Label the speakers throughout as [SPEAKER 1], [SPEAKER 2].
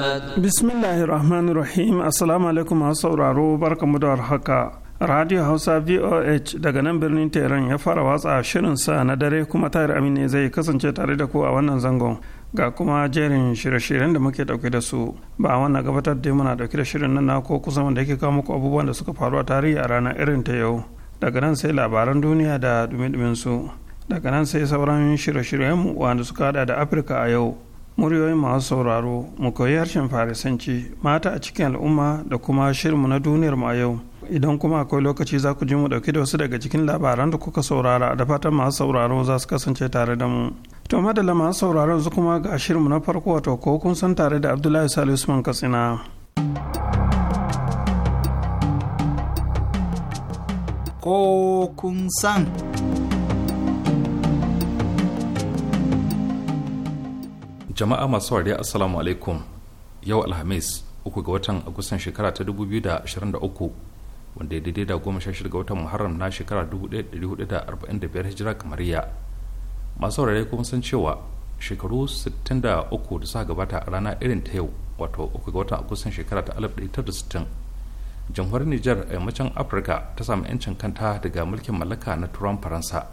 [SPEAKER 1] bismillahi
[SPEAKER 2] Bismillahir Rahmanir Rahim. Assalamu alaikum masu sauraro barkamu da haka. Radio Hausa VOH daga nan birnin Tehran ya fara watsa shirin sa na dare kuma tayar Amine zai kasance tare da ku a wannan zangon. Ga kuma jerin shirye-shiryen da muke dauke da su. Ba wannan gabatar da muna dauke da shirin nan na ko kusa da yake kawo muku abubuwan da suka faru a tarihi a ranar irin ta yau. Daga nan sai labaran duniya da dumi-dumin su. Daga nan sai sauran shirye-shiryenmu wanda suka hada da Afirka a yau. muryoyin masu sauraro mu koyi harshen farisanci mata a cikin al'umma da kuma shirinmu na duniyar mu a yau idan kuma akwai lokaci za ku ji mu dauki da wasu daga cikin labaran da kuka saurara da fatan masu sauraro za su kasance tare da mu to madalla masu sauraro su kuma ga shirinmu na farko wato ko kun san tare da abdullahi salisu usman katsina
[SPEAKER 3] ko kun san jama'a masu wariya assalamu alaikum yau alhamis uku ga watan agusan shekara ta 2023 wanda ya daidai da goma sha shirga ga watan muharram na shekara 1445 hijira ya masu wariya kuma san cewa shekaru 63 da suka gabata a rana irin ta yau wato uku ga watan agusan shekara ta 1960 jamhuriyar nijar a yammacin afirka ta samu 'yancin kanta daga mulkin mallaka na turan faransa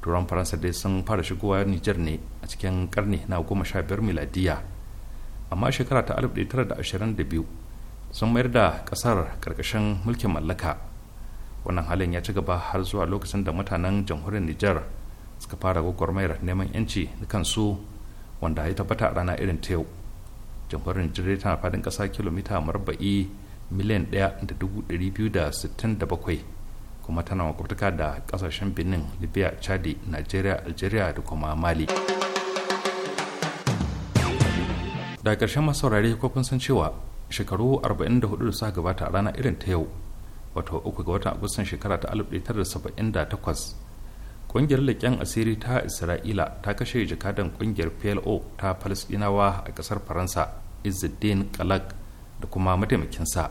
[SPEAKER 3] turan faransa dai sun fara shigowa nijar ne a cikin karni na goma sha biyar miladiya amma shekara ta da 1922 sun mayar da ƙasar karkashin mulkin mallaka wannan halin ya ci gaba har zuwa lokacin da mutanen jamhuriyar nijar suka fara gwagwarmayar neman yanci na kansu wanda ya tabbata a rana irin ta yau jamhuriyar nijar tana fadin ƙasa kilomita marba'i miliyan da bakwai. kuma tana makwabtaka da kasashen benin libya chadi nigeria algeria da kuma mali da ƙarshen masu saurare kun san cewa shekaru 44 da suka gabata a rana irin ta yau wato uku ga watan agustan shekara ta 1978 ƙungiyar leƙen asiri ta isra'ila ta kashe jakadan ƙungiyar plo ta falasɗinawa a ƙasar faransa izidin kalak da kuma mataimakinsa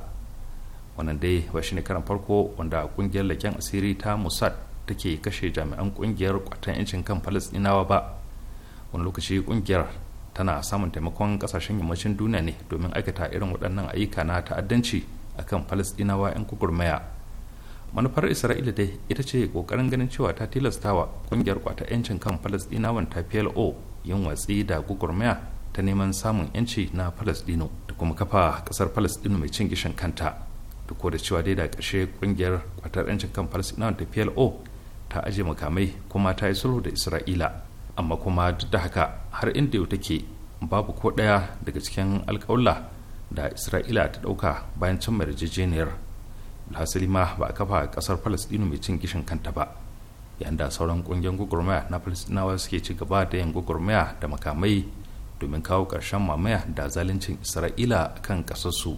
[SPEAKER 3] wannan dai ba shine karan farko wanda kungiyar leken asiri ta musad take kashe jami'an kungiyar kwatan yancin kan falasdinawa ba wani lokaci kungiyar tana samun taimakon kasashen yammacin duniya ne domin aikata irin waɗannan ayyuka na ta'addanci a kan falastinawa 'yan kukurmaya manufar isra'ila dai ita ce kokarin ganin cewa ta tilastawa kungiyar kwata 'yancin kan falasdinawan ta plo yin watsi da gugurmaya ta neman samun 'yanci na falasdino da kuma kafa ƙasar falasdino mai cin gishin kanta duk da cewa dai da ƙarshe ƙungiyar kwatar 'yancin kan falasɗinawa ta plo ta aje makamai kuma ta yi sulhu da isra'ila amma kuma duk da haka har inda yau take babu ko ɗaya daga cikin alƙawla da isra'ila ta ɗauka bayan cin yarjejeniyar alhasali ma ba a kafa ƙasar falasɗinu mai cin gishin kanta ba yayin da sauran ƙungiyar gwagwarmaya na falasɗinawa suke ci gaba da yin gwagwarmaya da makamai domin kawo ƙarshen mamaya da zaluncin isra'ila kan ƙasarsu.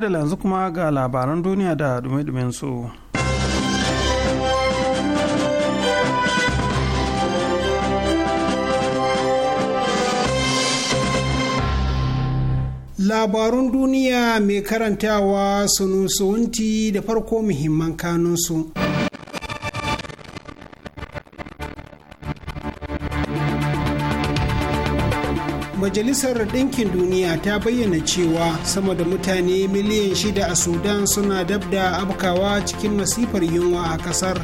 [SPEAKER 2] da yanzu kuma ga labaran duniya da dumi su.
[SPEAKER 4] Labarun duniya mai karantawa sunusunti da farko muhimman kanunsu. majalisar ɗinkin duniya ta bayyana cewa sama da mutane miliyan shida a sudan suna dab da abkawa cikin masifar yunwa a ƙasar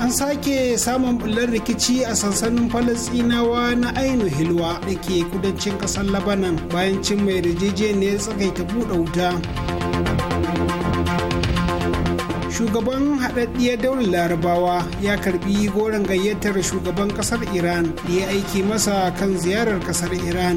[SPEAKER 4] an sake samun bullar rikici a sansanin falasinawa na ainu hilwa da ke kudancin ƙasar labanan bayan cin mai ne ya tsakaita buɗe wuta shugaban haɗaɗɗiyar daular larabawa ya karbi goron gayyatar shugaban ƙasar iran da ya aiki masa kan ziyarar ƙasar iran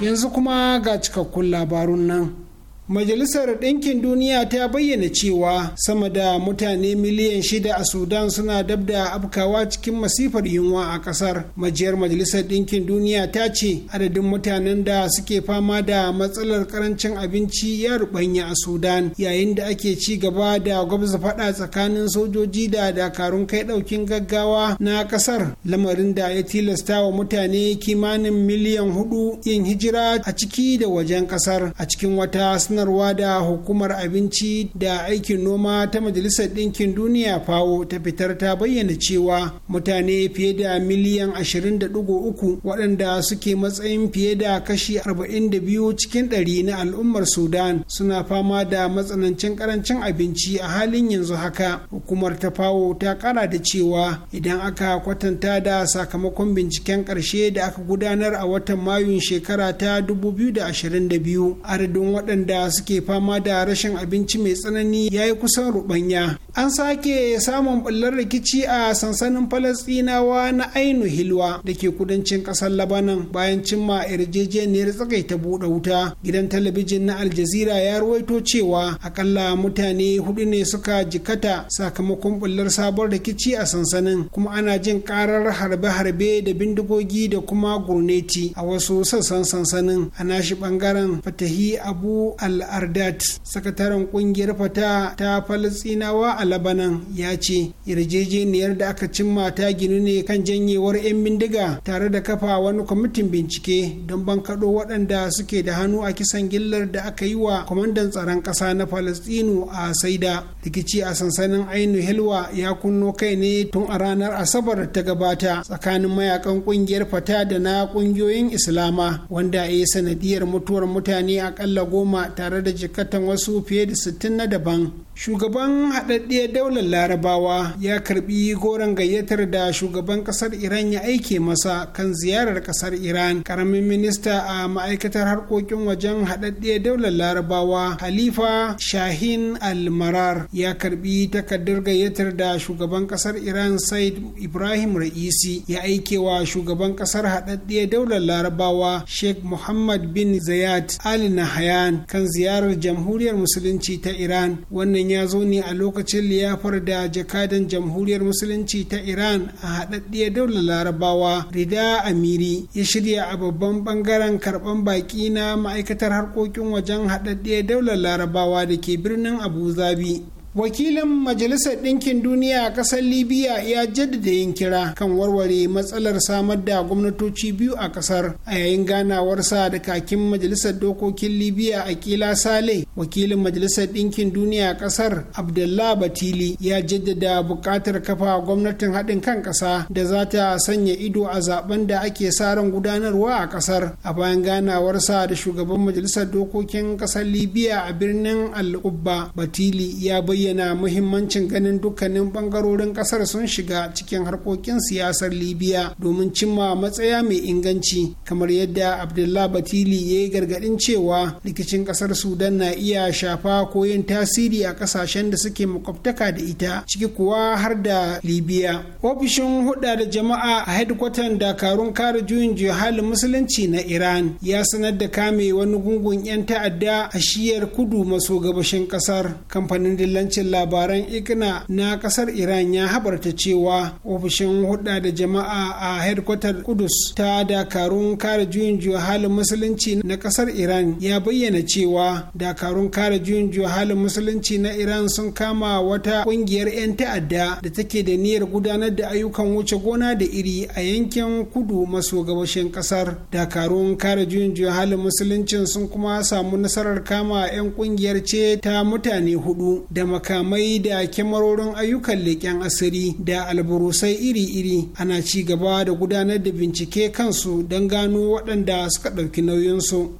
[SPEAKER 4] yanzu kuma ga cikakkun labarun nan Majalisar Ɗinkin Duniya ta bayyana cewa sama da mutane miliyan shida a Sudan suna dab da afkawa cikin masifar yunwa a ƙasar. Majiyar Majalisar Ɗinkin Duniya ta ce adadin mutanen da suke fama da matsalar karancin abinci ya rubanya a Sudan yayin da ake ci gaba da gwamza faɗa tsakanin sojoji da dakarun kai ɗaukin gaggawa na ƙasar lamarin da ya tilasta wa mutane kimanin miliyan hudu yin hijira a ciki da wajen ƙasar a cikin wata sanarwa da hukumar abinci da aikin noma ta majalisar ɗinkin duniya fawo ta fitar ta bayyana cewa mutane fiye da miliyan 20.3 waɗanda suke matsayin fiye da kashi 42 cikin ɗari na al'ummar sudan suna fama da matsanancin karancin abinci a halin yanzu haka hukumar ta fawo ta kara da cewa idan aka kwatanta da sakamakon binciken ƙarshe da aka gudanar a watan mayun shekara ta 2022 adadin waɗanda suke fama da rashin abinci mai tsanani ya yi kusan rubanya an sake samun bullar rikici a sansanin falasɗinawa na ainu hilwa da ke kudancin ƙasar labanan bayan cimma yarjejeniyar tsagaita buɗe wuta gidan talabijin na aljazira ya ruwaito cewa akalla mutane hudu ne suka jikata sakamakon bullar sabon rikici a sansanin kuma ana jin karar harbe-harbe da bindigogi da kuma gurneti a wasu sassan sansanin a nashi bangaren fatahi abu al al-ardat sakataren kungiyar fata ta falasinawa a labanan ya ce yarjejeniyar da aka cimma ta ginu ne kan janyewar 'yan bindiga tare da kafa wani kwamitin bincike don bankaɗo waɗanda suke da hannu a kisan gillar da aka yi wa kwamandan tsaron ƙasa na falastinu a saida rikici a sansanin ainu helwa ya kunno kai ne tun a ranar asabar ta gabata tsakanin mayakan kungiyar fata da na kungiyoyin islama wanda ya yi sanadiyar mutuwar mutane akalla goma ta tare da jikatan wasu fiye da 60 na daban shugaban haɗaɗɗiyar daular larabawa ya karbi goron gayyatar da shugaban ƙasar iran ya aike masa kan ziyarar ƙasar iran ƙaramin minista a ma'aikatar harkokin wajen haɗaɗɗiyar daular larabawa halifa shahin almarar ya karbi takardar gayyatar da shugaban ƙasar iran said ibrahim ra'isi ya aike wa shugaban ƙasar haɗaɗɗiyar daular larabawa sheikh muhammad bin zayat al nahayan kan ziyarar jamhuriyar musulunci ta iran wannan wannan ya zo ne a lokacin liyafar da jakadan jamhuriyar musulunci ta iran a haɗaɗɗiyar daular larabawa rida amiri ya shirya a babban bangaren karɓan baƙi na ma'aikatar harkokin wajen haɗaɗɗiyar daular larabawa da ke birnin abu zabi wakilin majalisar ɗinkin duniya a ƙasar libya ya jaddada yin kira kan warware matsalar samar da gwamnatoci biyu a ƙasar a yayin ganawarsa da kakin majalisar dokokin libya akila sale wakilin majalisar ɗinkin duniya a ƙasar abdullah batili ya jaddada buƙatar kafa gwamnatin haɗin kan ƙasa da za ta sanya ido a zaben da ake sa ran gudanarwa a ƙasar a bayan ganawarsa da shugaban majalisar dokokin ƙasar libya a birnin al'ubba batili ya bayyana bayyana muhimmancin ganin dukkanin bangarorin kasar sun shiga cikin harkokin siyasar libya domin cimma matsaya mai inganci kamar yadda abdullah batili ya yi gargadin cewa rikicin kasar sudan na iya shafa ko yin tasiri a kasashen da suke makwabtaka da ita ciki kuwa har da libya ofishin hudda da jama'a a hedkwatan dakarun kare juyin jihalin musulunci na iran ya sanar da kame wani gungun 'yan ta'adda a shiyar kudu maso gabashin kasar kamfanin dillancin dillancin labaran igna na kasar iran ya habarta cewa ofishin hudda da jama'a a headquarter kudus ta dakarun kare juyin juya halin musulunci na kasar iran ya bayyana cewa dakarun kare juyin juya halin musulunci na iran sun kama wata kungiyar 'yan ta'adda da take da niyyar gudanar da ayyukan wuce gona da iri a yankin kudu maso gabashin kasar dakarun kare juyin juya halin musuluncin sun kuma samu nasarar kama 'yan kungiyar ce ta mutane hudu da makamai da kyamarorin ayyukan leƙen asiri da alburusai iri-iri ana ci gaba da gudanar da bincike kansu don gano waɗanda suka ɗauki nauyinsu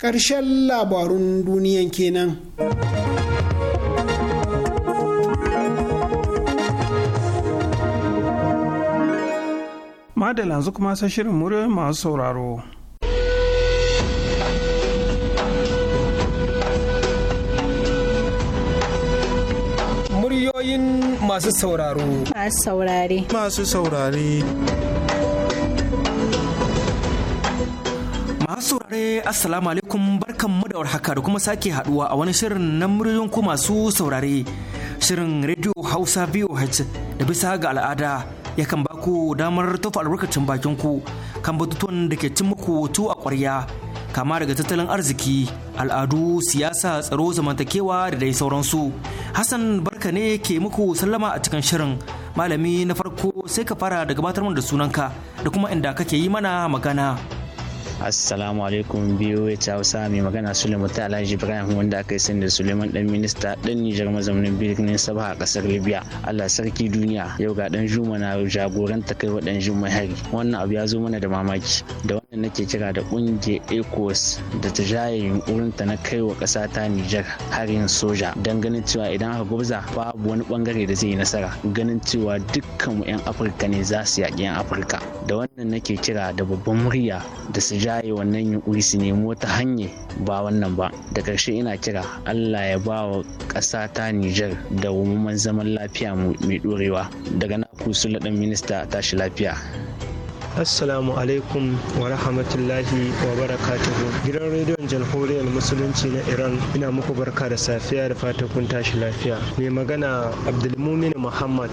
[SPEAKER 4] ƙarshen labarun duniyan kenan.
[SPEAKER 2] madalan yanzu kuma shirin muryoyin masu sauraro
[SPEAKER 5] Muryoyin masu sauraro. Masu saurare. Masu saurare.
[SPEAKER 6] Masu saurare Assalamu alaikum barkanmu da warhaka da kuma sake haduwa a wani shirin na muryoyin ku masu saurare. Shirin Radio Hausa VOH da bisa ga al'ada yakan ba ku damar tofa albarkacin bakin ku kan batutuwan da ke cin muku tu a kwarya kama daga tattalin arziki al'adu siyasa tsaro zamantakewa da dai sauransu hassan barka ne ke muku sallama a cikin shirin malami na farko sai ka fara da gabatar da sunanka da kuma inda kake yi mana magana
[SPEAKER 7] Assalamu alaikum biyu ya Hausa mai magana Suleiman ta Alhaji Ibrahim wanda aka yi sani Suleiman dan minista dan Nijar mazaunin birnin Sabha a kasar Libya. Allah sarki duniya yau ga dan Juma na jagoranta kai wa dan Juma hari. Wannan abu ya zo mana da mamaki. Da nake kira da ƙungiyar ecos da ta jaye yunkurinta na kaiwa wa ƙasa ta nijar harin soja don ganin cewa idan aka gubza babu wani bangare da zai yi nasara ganin cewa dukkan 'yan afirka ne za su yaƙi 'yan afirka da wannan nake kira da babban murya da su jaye wannan yunkuri su nemi wata hanya ba wannan ba da karshe ina kira allah ya ba wa ƙasa ta nijar da wumman zaman lafiya mai ɗorewa daga na naku sulaɗin minista tashi lafiya
[SPEAKER 8] assalamu alaikum wa rahmatullahi wa barakatuhu gidan rediyon jamhuriyar musulunci na iran ina muku barka da safiya da fatan kun tashi lafiya mai magana abdulmumin muhammad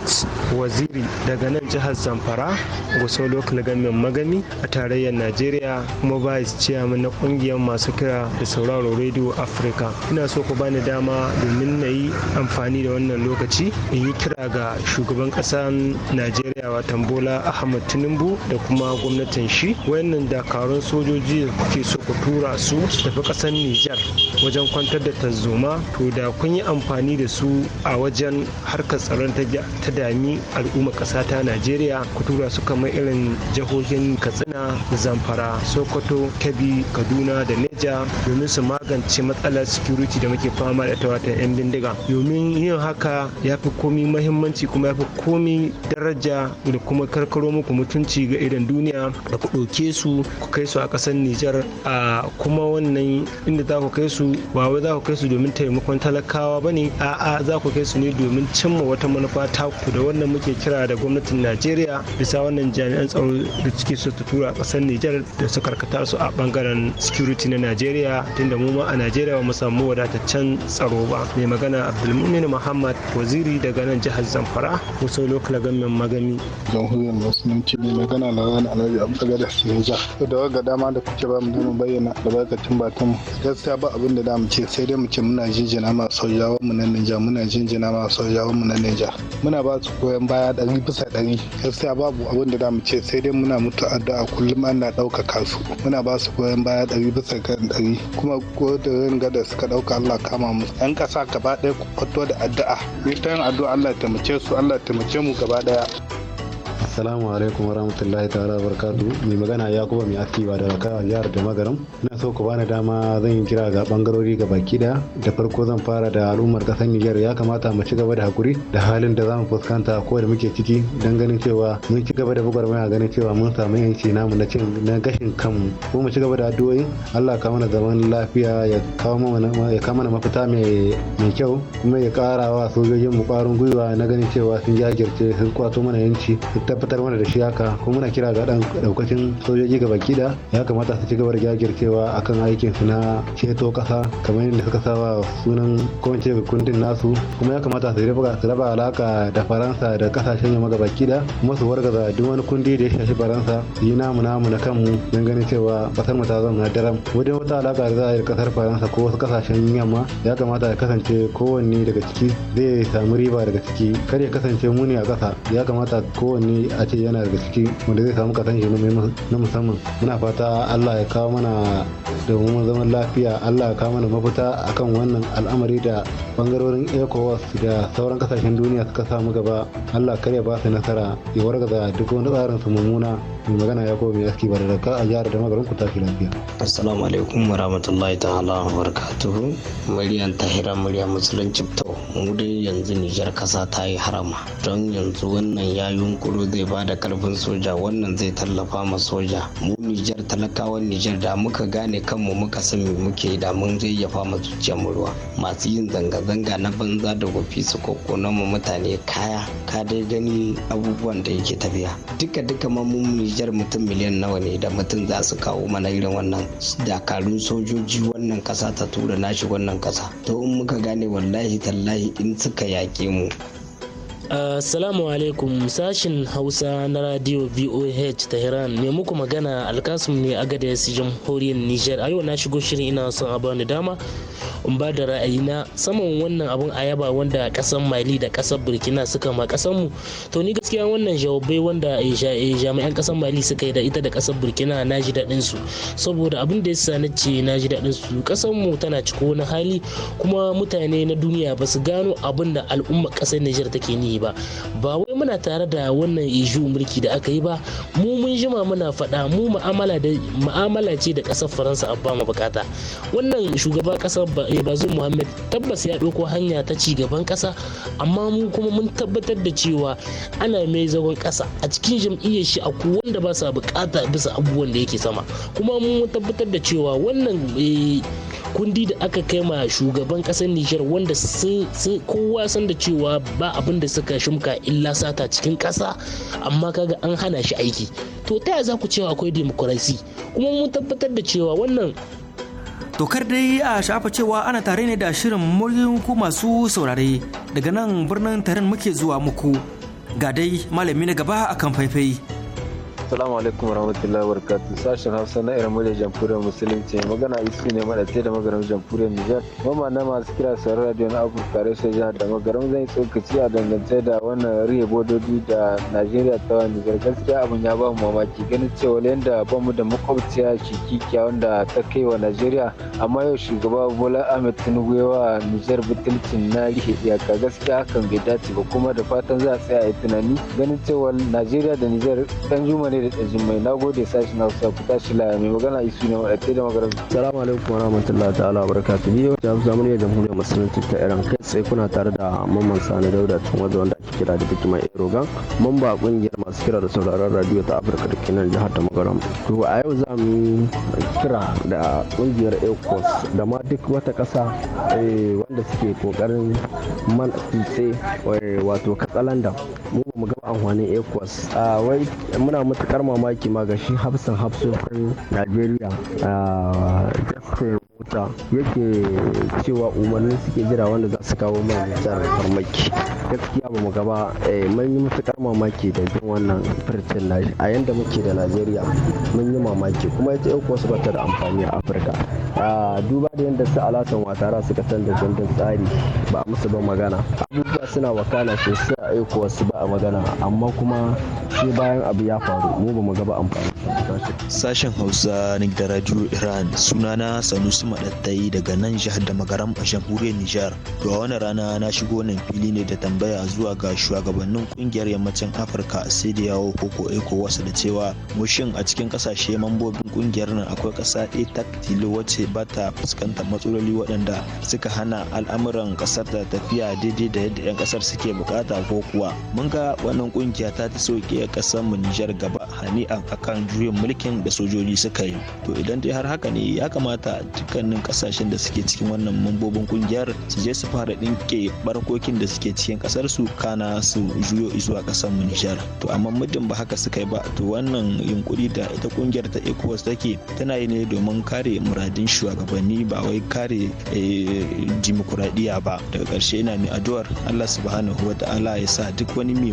[SPEAKER 8] waziri daga nan jihar zamfara gusau local government magami a tarayyar najeriya kuma vice chairman na kungiyar masu kira da sauraro radio africa ina so ku bani dama domin na yi amfani da wannan lokaci in yi kira ga shugaban ƙasar najeriya watan bola ahmad tinubu da kuma kuma gwamnatin shi wayannan dakarun sojoji da kuke so ku tura su su tafi kasar Nijar wajen kwantar da tazuma to da kun yi amfani da su a wajen harkar tsaron ta dami al'umma kasa ta Najeriya ku tura su kamar irin jihohin Katsina, Zamfara, Sokoto, Kebbi, Kaduna da Neja domin su magance matsalar security da muke fama da tawata wata 'yan bindiga. Domin yin haka ya fi komi muhimmanci kuma ya fi komi daraja da kuma karkaro muku mutunci ga idan duniya da ku ɗauke su ku kai su a ƙasar Nijar a kuma wannan inda za ku kai su ba wai za ku kai su domin taimakon talakawa ba ne a'a za ku kai su ne domin cimma wata manufa ta ku da wannan muke kira da gwamnatin Najeriya bisa wannan jami'an tsaro da suke su tura a ƙasar Nijar da su karkata su a bangaren security na Najeriya tunda mu ma a Najeriya ba mu samu wadataccen tsaro ba mai magana Abdulmumin Muhammad Waziri daga nan jihar Zamfara Kusa Lokal Gamin Magami. Jamhuriyar Musulunci mai magana magana
[SPEAKER 9] alhaji abubakar da sinija da waga dama da kuke ba mu mu bayyana albarkacin bakin mu gaskiya ba abin da da mu ce sai dai mu ce muna jinjina ma sojawan mu na ninja muna jinjina ma sojawan mu na ninja muna ba su goyon baya ɗari bisa ɗari gaskiya babu abin da da mu ce sai dai muna mutu addu'a kullum ana ɗaukaka su muna ba su goyon baya ɗari bisa kan ɗari kuma ko da ranga da suka ɗauka Allah kama mu yan ƙasa gaba ɗaya ku fito da addu'a ni ta yin addu'a Allah ya taimake su Allah ya taimake mu gaba ɗaya.
[SPEAKER 10] Assalamu alaikum warahmatullahi ta'ala barkatu mai magana ya kuma mai aski ba da raka jihar da magaram ina so ku bani dama zan yi kira ga bangarori ga baki da da farko zan fara da al'ummar kasar Nijar ya kamata mu ci gaba da hakuri da halin da zamu fuskanta ko da muke ciki dan ganin cewa mun ci gaba da mai ganin cewa mun samu yanci namu na cin na gashin kanmu ko mu ci gaba da addu'o'i Allah ka mana zaman lafiya ya kawo mana ya kawo mana mafita mai mai kyau kuma ya karawa sojojin mu kwarin gwiwa na ganin cewa sun jajirce sun kwato mana yanci suka fitar mana da shi haka kuma muna kira ga dan daukacin sojoji baki da ya kamata su ci gaba da jajircewa akan aikin su na ceto kasa kamar yadda suka saba sunan kwance kundin nasu kuma ya kamata su raba su raba alaka da faransa da kasashen yamma baki da kuma su wargaza duk wani kundi da ya shafi faransa su yi namu namu na kanmu don ganin cewa kasar mu ta zauna daram wajen wata alaka da za a yi da kasar faransa ko wasu kasashen yamma ya kamata ya kasance kowanne daga ciki zai samu riba daga ciki kar ya kasance muni a kasa ya kamata kowanne a ce yana da ciki wanda zai samu kasan shi na musamman muna fata allah ya kawo mana mu zaman lafiya allah ya kawo mana mafita akan wannan al'amari da bangarorin ecowas da sauran kasashen duniya suka samu gaba allah kare ba su nasara ya wargaza duk wani tsarin su mummuna mai magana ya mai aski ba da ka a jihar da magarin ku tafi lafiya
[SPEAKER 11] assalamu alaikum wa rahmatullahi ta'ala wa barakatuhu muryan tahira Maryam musulunci to mu dai yanzu nijar kasa ta yi harama don yanzu wannan ya yunkuro zai ba da karfin soja wannan zai tallafa ma soja mu nijar talakawan nijar da muka gane kanmu muka san me muke da mun yayyafa ma zuciyar mu ruwa masu yin zanga-zanga na banza da gofi su kokona mu mutane kaya ka dai gani abubuwan da yake tafiya duka duka ma mu nijar mutum miliyan nawa ne da mutum za su kawo mana irin wannan dakarun sojoji wannan kasa ta tura nashi wannan kasa to in muka gane wallahi tallahi in suka yaƙe mu
[SPEAKER 7] Assalamu alaikum sashin Hausa na radio VOH Tehran ne muku magana alkasum ne a gadayas jamhuriyar Nijar a yau na shigo shirin ina son a bani dama in ba da ra'ayina saman wannan abun ayaba wanda kasan Mali da kasar Burkina suka ma kasan mu to ni gaskiya wannan jawabai wanda eh, eh, jami'an kasan Mali suka yi da ita da kasar Burkina na ji daɗin su saboda abin da yasa na ce na ji daɗin su kasan mu tana ciko na hali kuma mutane na duniya ba su gano abin da al'ummar kasar Nijar take ni yi ba ba wai muna tare da wannan iju mulki da aka yi ba mu mun jima muna faɗa mu ma'amala ce da ƙasar faransa a mu bukata wannan shugaba ƙasar eh, bazum muhammad tabbas ya ɗauko hanya ta ci gaban ƙasa amma mu kuma mun tabbatar da cewa ana mai zagon ƙasa a cikin jam'iyyar shi akwai wanda ba sa bukata bisa abubuwan da yake sama kuma mun tabbatar da cewa wannan eh, kundi da aka kai ma shugaban kasar Nijar wanda kowa san da cewa ba abin da suka shimka illa sata cikin kasa amma kaga an hana shi aiki to ta za ku
[SPEAKER 6] cewa akwai demokarasi kuma mun tabbatar da cewa wannan tokar dai a shafa cewa ana tare ne da shirin muryin ku masu saurare daga nan birnin tarin muke zuwa muku ga dai malami na gaba akan faifai.
[SPEAKER 12] Assalamu alaikum warahmatullahi wabarakatuh. Sashen Hausa na irin murya jamhuriyar Musulunci magana isu ne madace da magaram jamhuriyar Nijar. Mama na masu kira sauran radio na Afirka Reshen Jihar da magaram zan yi tsokaci a dangance da wannan rihe bodoji da Najeriya ta wani Nijar. Gaskiya abin ya ba mu mamaki ganin cewa yadda ba mu da makwabciya kikiya wanda ta kai wa Najeriya amma yau shugaba Bola Ahmed Tinubu ya wa Nijar butulcin na rihe iyaka gaskiya hakan bai dace ba kuma da fatan za a tsaya a yi tunani ganin cewa Najeriya da Nijar dan juma ne da tsajin mai nagode gode na hausa ku tashi laya mai magana isu ne wa wadda da magana salamu alaikum wa rahmatullahi ta'ala wa barakatu biyu da hausa mun ya jamhuriyar musulunci ta iran kai tsaye kuna tare da mamman sani dauda tun wadda wanda ake kira da biki mai erogan mamba kungiyar masu kira da sauraron radio ta afirka da kenan jihar ta magaram to a yau za mu kira da kungiyar ecos da ma duk wata kasa eh, wanda suke kokarin man tutse eh, wato katsalandan mu ba mu gaba amfanin ecos a ah, wai muna mutu matukar mamaki ma ga shi hafsan hafsofin najeriya a wuta yake cewa umarni suke jira wanda za su kawo mai nijar farmaki gaskiya ba mu gaba eh, mun yi matukar mamaki da jin wannan firtin nashi a yanda muke da najeriya mun yi mamaki kuma ita yan kuwa su ta da amfani a afirka duba da yadda su alatan watara suka canza gandun tsari ba a musu ba magana abubuwa suna wakana sosai a aikowa su ba a magana amma kuma sai bayan abu ya faru mu ba mu gaba amfani
[SPEAKER 11] sashen hausa na da radio iran sunana sanusi madattai daga nan jihar da magaram a jamhuriyar nijar to a wani rana na shigo nan fili ne da tambaya zuwa ga shugabannin kungiyar yammacin afirka sai da yawo koko eko wasu da cewa mushin a cikin kasashe mambobin kungiyar nan akwai kasa ɗaya tak tilo wacce ce ba ta fuskantar matsaloli waɗanda suka hana al'amuran ƙasar da tafiya daidai da yadda 'yan ƙasar suke bukata ko kuwa mun ga wannan kungiya ta ta soke ƙasar mu Nijar gaba a akan juyin mulkin da sojoji suka yi to idan dai har haka ne ya kamata dukkanin ƙasashen da suke cikin wannan mambobin ƙungiyar su je su fara ɗinke barkokin da suke cikin ƙasar su kana su juyo zuwa ƙasar mu Nijar to amma muddin ba haka suka yi ba to wannan yunkuri da ita ƙungiyar ta ECOWAS take tana yi ne domin kare muradin shugabanni ba wai kare eh, dimokuraɗiyya ba daga ƙarshe ina mai addu'ar allah subhanahu wa ta'ala ya sa duk wani mai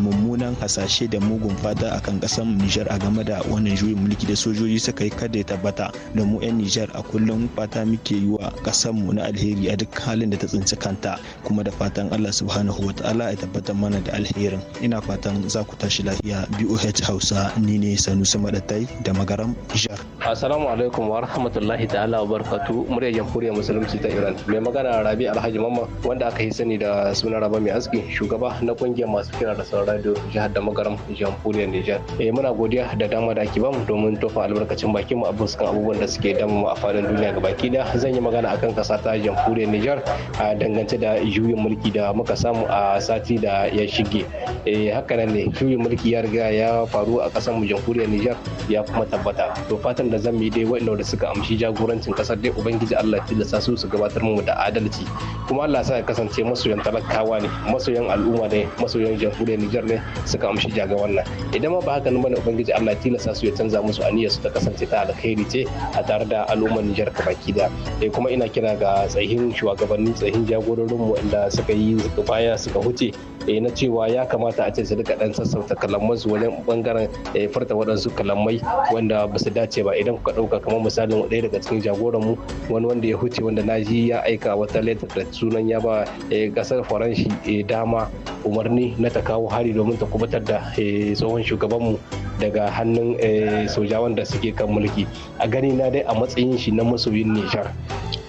[SPEAKER 11] mummunan hasashe da mugun fata akan ƙasar nijar a game da wannan juyin mulki da sojoji suka yi kada ya tabbata da mu 'yan nijar a kullum fata muke yi wa mu na alheri a duk halin da ta tsinci kanta kuma da fatan allah subhanahu wa ta'ala ya tabbatar mana da alherin ina fatan za ku tashi lafiya boh hausa ni ne sanusi madatai da magaram nijar
[SPEAKER 9] assalamu alaikum wa rahmatullahi ta ta'ala Allah barkatu muryar jamhuriyar musulunci ta Iran. Mai magana Rabi Alhaji Mamman wanda aka yi sani da sunan Raba Mai Aski shugaba na kungiyar masu kira da sauran radio jihar da magaram jamhuriyar Nijar. Eh muna godiya da dama da ake bamu domin tofa albarkacin bakin mu a buskan abubuwan da suke damu mu a fadin duniya gabaki da zan yi magana akan kasa ta jamhuriyar Nijar a dangance da juyin mulki da muka samu a sati da ya shige. Eh haka nan ne juyin mulki ya riga ya faru a kasar mu jamhuriyar Nijar ya kuma tabbata. To fatan da zan yi dai waɗanda suka amshi jago jagorancin kasar dai ubangiji Allah ya sa su su gabatar mu da adalci kuma Allah sa ya kasance masoyan talakawa ne masoyan al'umma ne masoyan jamhuriyar Nijar ne suka amshi jaga wannan idan ma ba haka nan bane ubangiji Allah ya tilasta su ya canza musu aniyar su ta kasance ta alkhairi ce a tare da al'ummar Nijar baki da eh kuma ina kira ga tsahin shugabanni tsayin jagororin mu inda suka yi baya suka huce eh na cewa ya kamata a ce su rika dan sassauta kalamansu wajen bangaren eh, furta waɗansu kalamai wanda ba su dace ba idan kuka ɗauka kamar misalin ɗaya daga sun jagoran mu wani wanda ya huce wanda na ji ya aika wata letter da sunan ya ba kasar eh, faranshi eh, dama umarni na ta kawo hari domin ta kubutar da eh, tsohon shugabanmu daga hannun sojawan da suke kan mulki a gani na dai a matsayin shi na masoyin nijar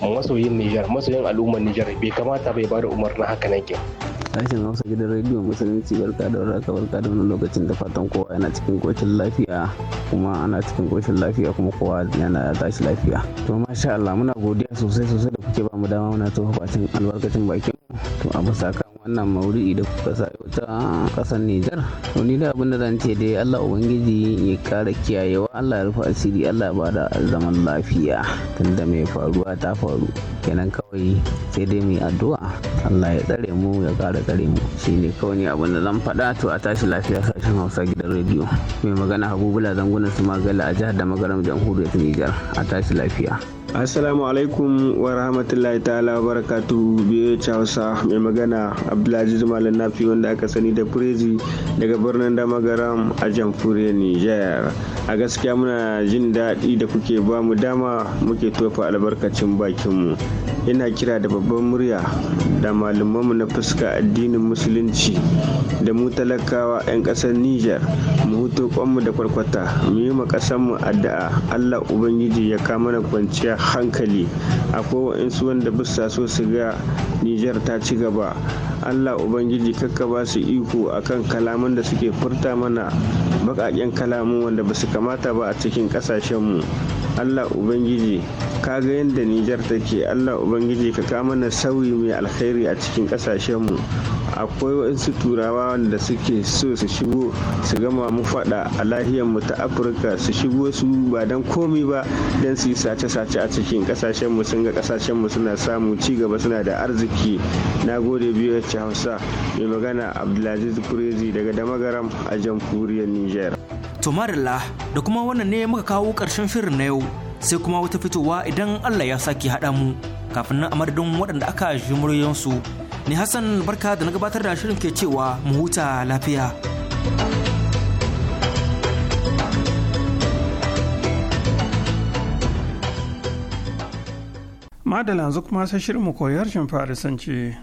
[SPEAKER 9] masoyin nijar masoyin al'ummar nijar bai kamata bai bada umarni haka nake
[SPEAKER 13] sashen hausa gidan rediyon musulunci barka da warhaka barka da wani lokacin da fatan kowa yana cikin koshin lafiya kuma ana cikin koshin lafiya kuma kowa yana tashi lafiya to masha Allah muna godiya sosai sosai da kuke ba mu dama muna tofa bacin albarkacin bakin to a bisa wannan mauri da kuka sa ta kasar Nijar. wani da abin da zan ce dai Allah Ubangiji ya kara kiyayewa Allah ya rufe asiri Allah ba da zaman lafiya tunda mai faruwa ta faru. Kenan kawai sai dai mu addu'a Allah ya tsare mu ya kara tsare mu. Shi ne kawai ne abin da zan faɗa to a tashi lafiya sashen Hausa gidan rediyo. Mai magana Habubula su magala a jihar da magaram jamhuriyar Nijar a tashi lafiya. Assalamu alaikum wa rahmatullahi ta'ala wa barakatu biyo Hausa mai magana Abdulaziz Malam Nafi wanda aka sani da Prezi daga birnin Damagaram a jamhuriyar Nijar. A gaskiya muna jin daɗi da kuke ba mu dama muke tofa albarkacin bakinmu. Ina kira da babban murya da malumanmu na fuska addinin musulunci da mu talakawa 'yan ƙasar Nijar mu huto kwanmu da kwarkwata mu yi ma ƙasarmu addu'a Allah Ubangiji ya kama na kwanciya hankali akwai wa'insu wanda bisa so su ga nijar ta ci gaba allah ubangiji kakka ba su iko kan kalaman da suke furta mana baƙaƙen kalamu wanda ba su kamata ba a cikin ƙasashenmu allah ubangiji ka ga yadda nijar take allah ubangiji ka kama na sauyi mai alkhairi a cikin ƙasashenmu akwai wasu turawa wanda suke so su shigo su gama mu fada a lahiyar mu ta afirka su shigo su ba dan komi ba dan su yi sace-sace a cikin kasashen sun ga kasashen mu suna samu ci gaba suna da arziki na gode biyu ya hausa mai magana abdulaziz kurezi daga damagaram a jamhuriyar niger to marilla da kuma
[SPEAKER 6] wannan ne muka kawo karshen shirin na yau sai kuma wata fitowa idan allah ya sake haɗa mu kafin nan a madadin waɗanda aka ji muryoyinsu Ni Hassan barka da na gabatar da shirin ke cewa mu huta lafiya.
[SPEAKER 2] Madalla yanzu kuma sai shirin mu koyar harshen Farisanci.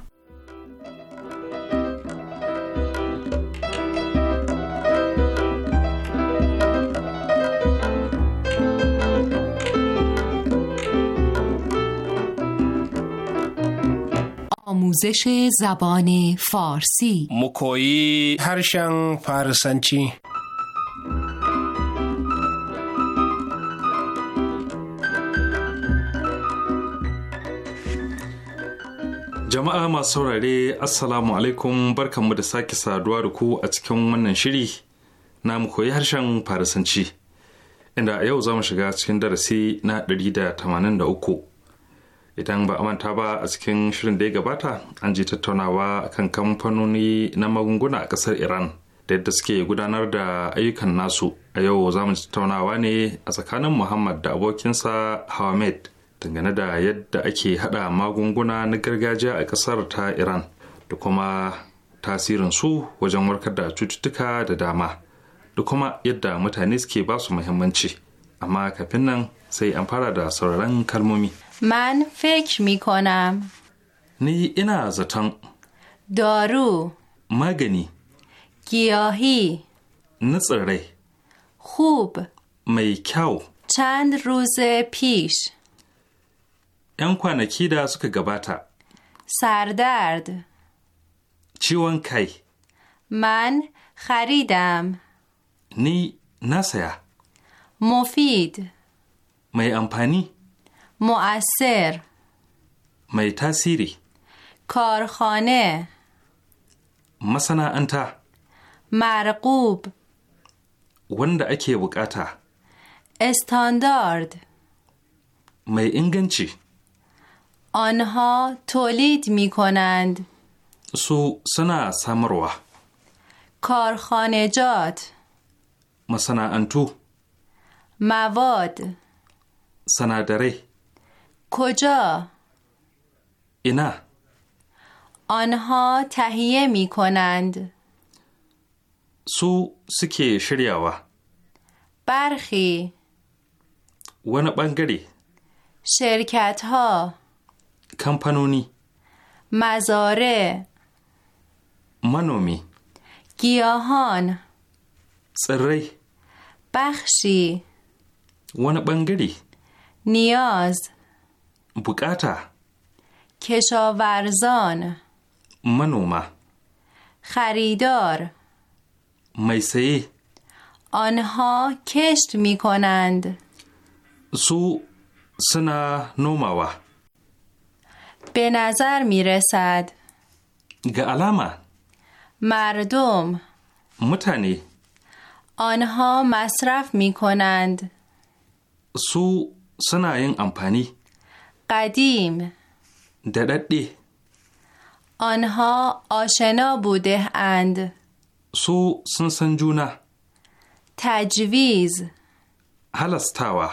[SPEAKER 14] آموزش زبان فارسی
[SPEAKER 9] مکویی هرشن فارسنچی
[SPEAKER 3] Jama'a masu saurare Assalamu alaikum barkanmu da sake saduwa da ku a cikin wannan shiri na mu koyi harshen Farisanci, inda a yau za mu shiga cikin darasi na 183. idan ba a manta ba a cikin shirin da ya gabata an ji tattaunawa kan kamfanoni na magunguna a kasar iran da yadda suke gudanar da ayyukan nasu a yau za mu tattaunawa ne a tsakanin muhammad da abokinsa hamed dangane da yadda ake hada magunguna na gargajiya a kasar ta iran da kuma tasirin su wajen warkar da cututtuka da dama da kuma yadda mutane suke basu su muhimmanci amma kafin nan sai an fara da sauraron kalmomi
[SPEAKER 14] من فکر می کنم
[SPEAKER 3] نی اینا Magani.
[SPEAKER 14] دارو مگنی گیاهی
[SPEAKER 3] نصره
[SPEAKER 14] خوب
[SPEAKER 3] میکاو
[SPEAKER 14] چند روز پیش
[SPEAKER 3] ‘yan kwanaki da suka gabata.
[SPEAKER 14] Sardard.
[SPEAKER 3] Ciwon kai.
[SPEAKER 14] Man kharidam.
[SPEAKER 3] Ni na saya.
[SPEAKER 14] Mufid.
[SPEAKER 3] Mai amfani.
[SPEAKER 14] مؤثر
[SPEAKER 3] می تاثیری
[SPEAKER 14] کارخانه
[SPEAKER 3] انت مرقوب وند اکی bukata استاندارد می اینگنچی.
[SPEAKER 14] آنها تولید می کنند
[SPEAKER 3] سو سنا سامروا جات مثلا انتو
[SPEAKER 14] مواد
[SPEAKER 3] سنادره
[SPEAKER 14] کجا؟ اینا آنها تهیه می کنند
[SPEAKER 3] سو سکی و
[SPEAKER 14] برخی
[SPEAKER 3] ون بنگری
[SPEAKER 14] شرکت ها
[SPEAKER 3] کمپنونی
[SPEAKER 14] مزاره منومی گیاهان سری بخشی
[SPEAKER 3] ون بنگری
[SPEAKER 14] نیاز بکاتا کشاورزان منوما خریدار
[SPEAKER 3] میسی
[SPEAKER 14] آنها کشت می کنند
[SPEAKER 3] سو سنا نوماوا
[SPEAKER 14] به نظر میرسد رسد گالاما مردم متنی آنها مصرف می کنند
[SPEAKER 3] سو سنا این امپانی قدیم دردی
[SPEAKER 14] آنها آشنا بوده اند
[SPEAKER 3] سو سنسنجونه
[SPEAKER 14] تجویز
[SPEAKER 3] هلستاوه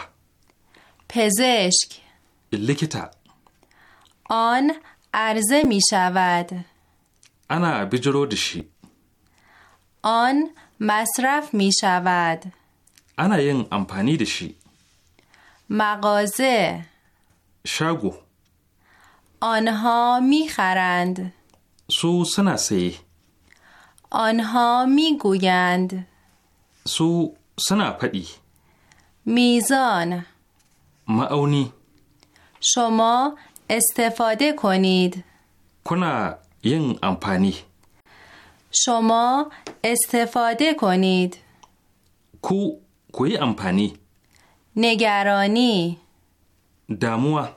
[SPEAKER 14] پزشک لکتا آن عرضه می شود
[SPEAKER 3] انا بجرودشی
[SPEAKER 14] آن مصرف می شود
[SPEAKER 3] انا ین امپانی دشی
[SPEAKER 14] مغازه شاگو آنها میخرند
[SPEAKER 3] سو سناسی
[SPEAKER 14] آنها میگویند
[SPEAKER 3] سو سناپدی
[SPEAKER 14] میزان
[SPEAKER 3] معونی
[SPEAKER 14] شما استفاده کنید
[SPEAKER 3] کنا ین امپانی
[SPEAKER 14] شما استفاده کنید
[SPEAKER 3] کو کوی امپانی
[SPEAKER 14] نگرانی
[SPEAKER 3] damuwa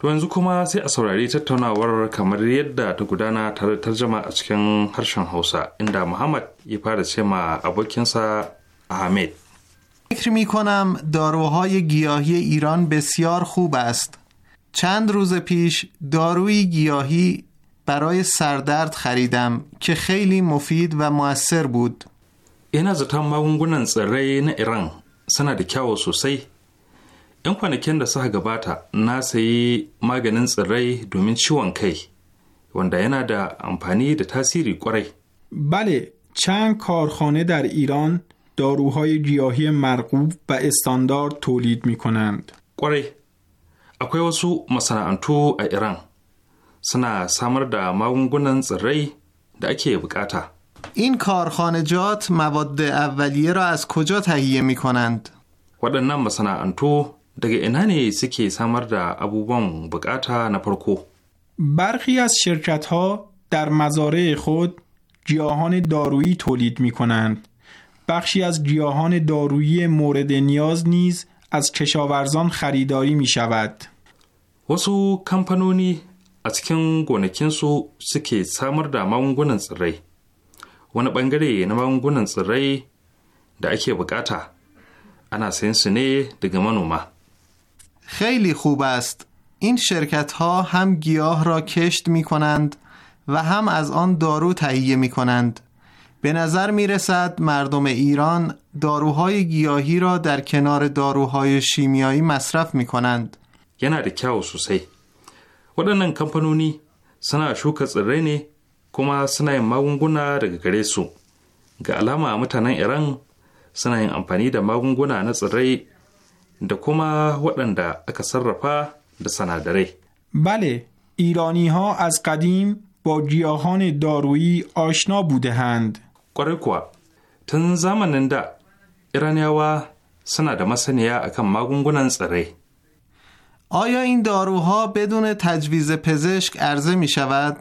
[SPEAKER 3] To yanzu kuma sai a saurari tattaunawar kamar yadda ta gudana tare tarjama a cikin harshen Hausa inda Muhammad ya fara ce abokinsa Ahmed.
[SPEAKER 1] فکر می کنم داروهای گیاهی ایران بسیار خوب است. چند روز پیش داروی گیاهی برای سردرد خریدم که خیلی مفید و موثر بود. این از تام مونگونن نه
[SPEAKER 3] ایران سند کیاو سوسی این کنکن در سه گباتا ناسی مگنن سرین دومین چیوان کی ونده اینا در امپانی در تاثیری قره
[SPEAKER 5] بله چند کارخانه در ایران داروهای
[SPEAKER 3] گیاهی مرغوب و استاندارد تولید می کنند. قره اکوی واسو مسانا انتو ایران سنا سامر دا ماونگونن زرهی
[SPEAKER 1] دا اکی بکاتا این کارخانجات مواد اولیه را از کجا تهیه می کنند؟ ودن نم انتو دگه انانی سکی سامر دا ابو
[SPEAKER 3] بان بکاتا نپرکو
[SPEAKER 5] برخی از شرکتها در مزاره خود جیاهان دارویی تولید می کنند بخشی از گیاهان دارویی مورد نیاز نیز از کشاورزان خریداری می شود.
[SPEAKER 3] وسو کمپانونی از کن گونه کنسو سکی سامر دا ماون گونن سرائی. ونه بانگره یه نماون دا اکی بگاتا. انا سینسی سنه دگه
[SPEAKER 1] خیلی خوب است. این شرکت ها هم گیاه را کشت می کنند و هم از آن دارو تهیه می کنند. به نظر میرسد مردم ایران داروهای گیاهی را در کنار داروهای شیمیایی مصرف می کنند. یه ناری که سوسی. و دنن کمپنونی سنا شوکت رینه کما
[SPEAKER 3] سنا موانگونا رگ گریسو. گا الاما امتانا ایران سنا امپانی د موانگونا نس ری دا کما ودن دا اکسر رپا دا سنا داره.
[SPEAKER 5] بله ایرانی ها از قدیم با گیاهان دارویی
[SPEAKER 3] آشنا بوده Kwarai kuwa, tun zamanin da Iraniyawa suna da masaniya akan magungunan tsirrai. آیا این داروها بدون تجویز پزشک عرضه می شود؟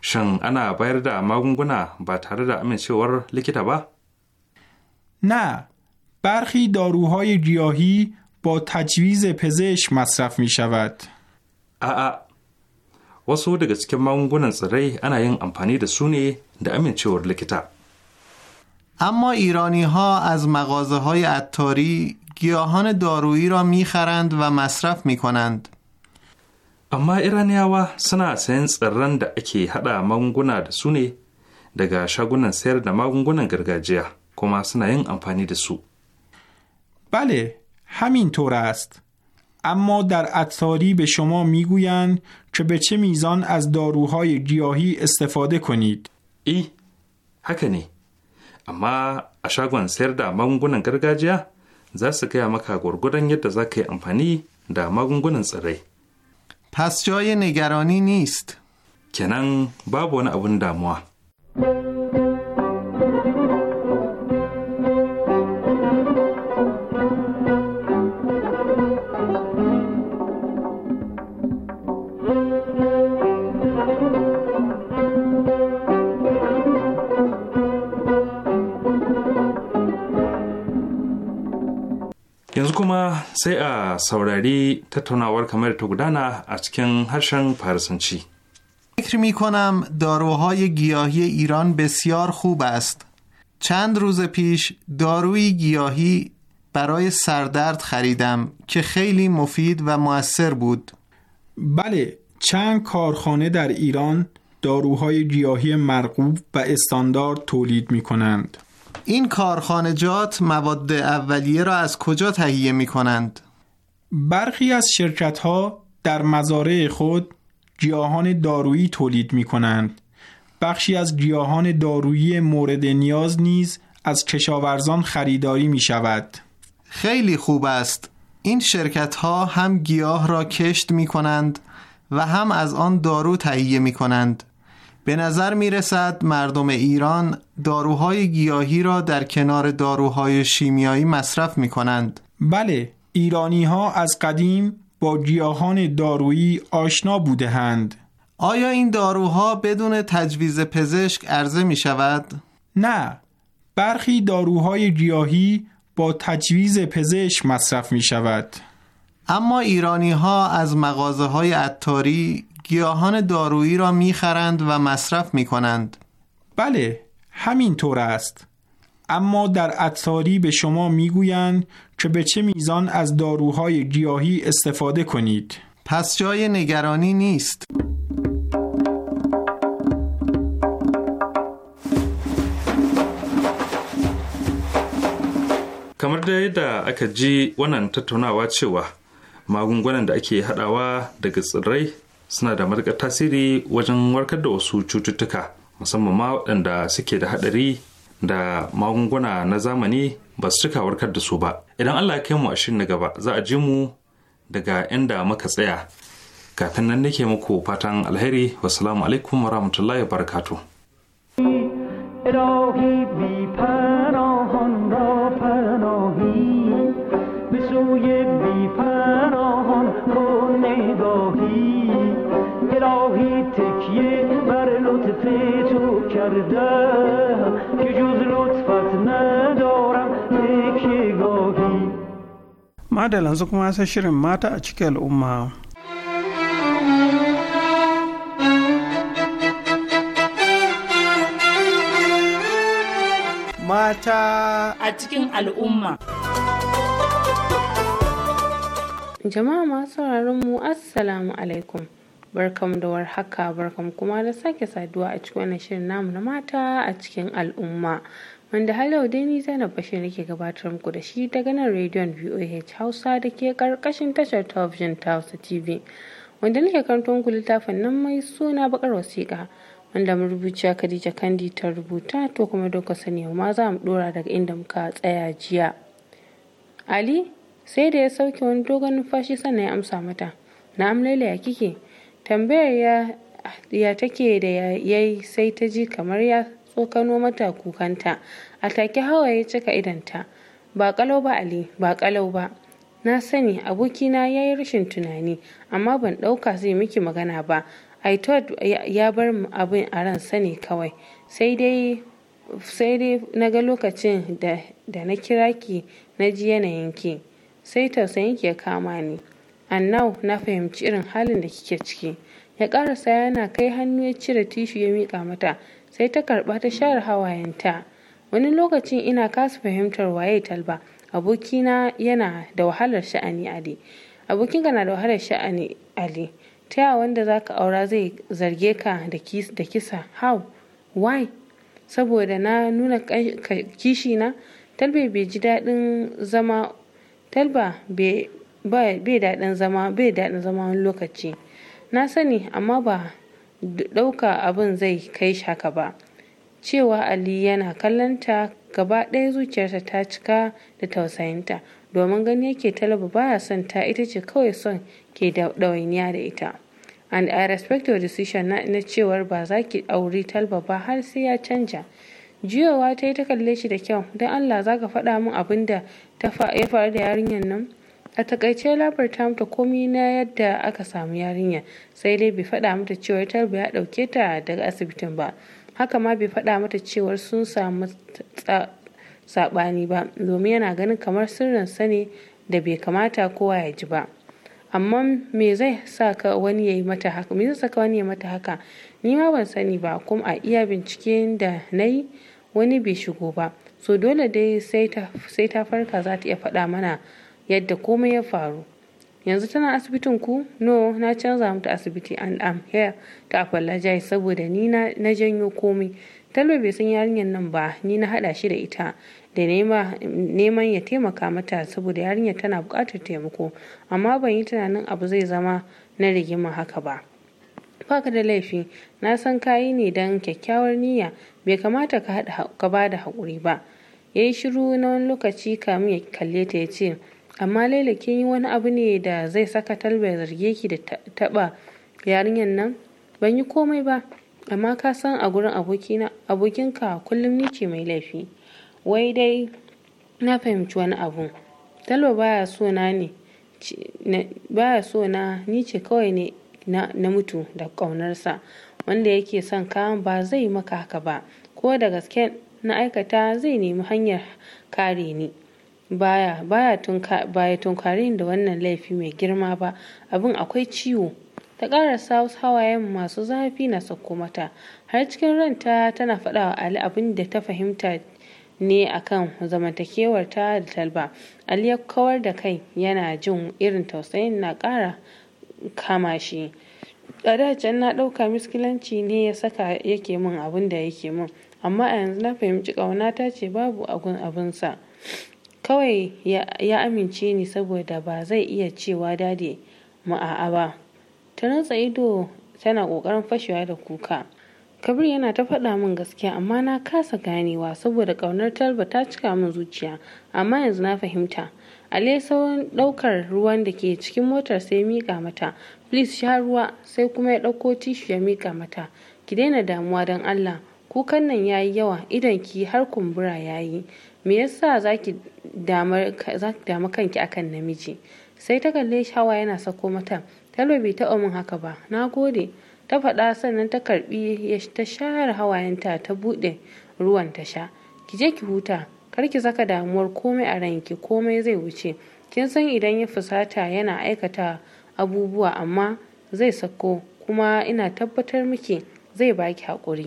[SPEAKER 3] شن انا بایر دا ماگونگونا با تاره دا امین چور لکیتا با؟
[SPEAKER 5] نه برخی داروهای گیاهی با تجویز پزشک مصرف می شود
[SPEAKER 3] آآ واسو دگه چکه ماگونگونن سره انا ین امپانی دا سونه دا امین چور لکیتا
[SPEAKER 1] اما ایرانی ها از مغازه های عطاری گیاهان دارویی را میخرند و مصرف میکنند. اما ایرانیاوا
[SPEAKER 3] سنا سین سرن اکی حدا hada magunguna سونه دگا ne daga shagunan sayar da magungunan کما سنا این امپانی سو بله همینطور است اما در عطاری
[SPEAKER 5] به شما میگویند که به چه میزان از داروهای گیاهی استفاده کنید.
[SPEAKER 3] ای هکنی amma a shagon sayar da magungunan gargajiya za su gaya maka gwargwadon yadda za ka yi amfani da magungunan tsirrai. پس جای نگرانی nist. Kenan babu wani abun damuwa. sai a saurari tattaunawar kamar ta gudana a cikin harshen Farisanci.
[SPEAKER 1] فکر می کنم داروهای گیاهی ایران بسیار خوب است. چند روز پیش داروی گیاهی برای سردرد خریدم که خیلی مفید و موثر بود.
[SPEAKER 5] بله، چند کارخانه در ایران داروهای گیاهی مرغوب و استاندارد تولید می کنند. این کارخانجات مواد
[SPEAKER 1] اولیه را از کجا تهیه می کنند؟
[SPEAKER 5] برخی از شرکت ها در مزارع خود گیاهان دارویی تولید می کنند. بخشی از گیاهان دارویی مورد نیاز نیز از کشاورزان خریداری می
[SPEAKER 1] شود. خیلی خوب است. این شرکت ها هم گیاه را کشت می کنند و هم از آن دارو تهیه می کنند. به نظر می رسد مردم ایران داروهای گیاهی را در کنار داروهای شیمیایی مصرف می کنند. بله، ایرانی ها از قدیم با گیاهان
[SPEAKER 5] دارویی آشنا بوده هند. آیا این داروها بدون تجویز پزشک عرضه می شود؟ نه، برخی داروهای گیاهی
[SPEAKER 1] با تجویز پزشک مصرف می شود. اما ایرانی ها از مغازه های عطاری گیاهان دارویی را میخرند و مصرف کنند. بله همین طور است اما در اتاری به شما
[SPEAKER 5] میگویند که به چه میزان از داروهای گیاهی استفاده کنید
[SPEAKER 1] پس جای نگرانی نیست
[SPEAKER 3] kamar da yadda aka ji wannan tattaunawa cewa magungunan da ake hadawa daga tsirrai suna da matuƙar tasiri wajen warkar da wasu cututtuka musamman ma waɗanda suke da haɗari da magunguna na zamani ba su cika warkar da su ba idan allah ya kai mu ashirin na gaba za a ji mu daga inda muka tsaya kafin nan nake muku fatan alheri wasalamu alaikum warahmatullahi barkato.
[SPEAKER 15] الهی الهی تکیه بر لطف تو کرده که جز لطفت ندارم تکیه گاهی
[SPEAKER 2] مدلن زکما sai shirin mata a اچکل al'umma
[SPEAKER 16] mata a cikin al'umma. Jama'a masu mu Assalamu alaikum. Barkam da haka barkam kuma da sake saduwa a cikin wannan shirin namu na mata a cikin al'umma. Wanda har yau dai ni Zainab Bashir nake gabatar muku da shi daga nan rediyon VOH Hausa da ke karkashin tashar Television ta Hausa TV. Wanda nake karanto muku littafin nan mai suna bakar wasiƙa. Wanda a Khadija Kandi ta rubuta to kuma doka sani ma za mu dora daga inda muka tsaya jiya. Ali sai da ya sauke wani dogon numfashi sannan ya amsa mata. Na'am Laila ya kike? Tambayar ya take da ya sai ta ji kamar ya tsokano mata kukanta. A take hawa ya cika idanta. Ba kalau ba Ali, ba kalau ba. Na sani abokina ya yi rashin tunani, amma ban ɗauka zai miki magana ba. I thought ya bar abin a ran sani kawai. Sai dai sai dai na ga lokacin da na kira ki na ji yanayinki sai tausayin ki ya kama ni And now na fahimci irin halin da kike ciki. Ya karasa yana kai hannu ya cire tishu ya mika mata sai ta karba ta share hawayenta. Wani lokacin ina kasa fahimtar waye talba. Abokina yana da wahalar sha'ani Ali. Abokinka na da wahalar sha'ani Ali. Ta yawa wanda za ka aura zai zarge ka da kisa. How? Why? Saboda na nuna kishina Talba bai ji daɗin zama Talba bai daɗin zama bai daɗin zama wani lokaci na sani amma ba ɗauka abin zai kai shaka ba cewa ali yana kallonta gaba ɗaya zuciyarta ta cika da tausayinta domin gani yake talaba baya son ta ita ce kawai son ke da ɗawainiya da ita and i respect your decision na, na cewar ba za ki auri talba ba har sai ya canja juyowa ta yi ta kalle shi da kyau don allah za ka faɗa min abin da ya faru da yarinyar nan a takaice labar ta mata komi na yadda aka samu yarinya sai dai bai faɗa mata cewar talba ya ɗauke ta daga asibitin ba haka ma bai faɗa mata cewar sun samu saɓani ba domin yana ganin kamar sirrin sani da bai kamata kowa ya ji ba amma me zai saka wani ya yi mata haka me zai saka wani ya mata haka ni ma ban sani ba kuma a iya bincike da na yi wani bai shigo ba so dole dai sai ta farka za ta iya faɗa mana yadda komai ya faru yanzu tana asibitin ku no na canza mata asibiti and am here ta apologize saboda ni na janyo komai talo bai san yarinyar nan ba ni na hada shi da ita da neman ya taimaka mata saboda yarinyar tana bukatar taimako amma ban yi tunanin abu zai zama na rigima haka ba baka da laifi na san kayi ne don kyakkyawar niyya bai kamata ka ba da haƙuri ba ya yi shiru na wani lokaci kamin ya kalle ta ya ce amma laila kin yi wani abu ne da zai saka talba zarge ki da taba yarinyar nan ban yi komai ba amma ka san a gurin abokina abokinka kullum ni ce mai laifi wai dai na fahimci wani abu talba baya so na ne so na ni ce kawai ne na mutu da ƙaunarsa wanda yake son ka ba zai maka haka ba ko da gaske na aikata zai nemi hanyar kare ni baya baya tunka baya tunkari da wannan laifi mai girma ba abin akwai ciwo ta kara wasu hawayen masu zafi na sauko mata har cikin ranta tana faɗa wa ali abin da ta fahimta ne akan zamantakewar ta da talba ali ya kawar da kai yana jin irin tausayin na kara kama shi a can na ɗauka miskilanci ne ya saka yake min abin da yake min amma a yanzu na fahimci ƙauna ta ce babu abin abinsa kawai ya amince ni saboda ba zai iya cewa dade mu a'a ba ta ido tana kokarin fashewa da kuka kabir yana ta faɗa min gaskiya amma na kasa ganewa saboda ƙaunar talba ta cika min zuciya amma yanzu na fahimta ale sauran ɗaukar ruwan da ke cikin motar sai mika mata please sha ruwa sai kuma ya ɗauko tishu ya mika mata ki daina damuwa don allah kukan nan yayi yawa idan ki har kumbura yayi me yasa zaki damu kanki akan namiji sai ta kalle shi hawa yana sako mata ta bai taɓa min haka ba na gode ta faɗa sannan ta karɓi ta share hawayenta ta buɗe ruwan ta sha ki je ki huta kar ki saka damuwar komai a ranki komai zai wuce kin san idan ya fusata yana aikata abubuwa amma zai sako kuma ina tabbatar miki zai baki haƙuri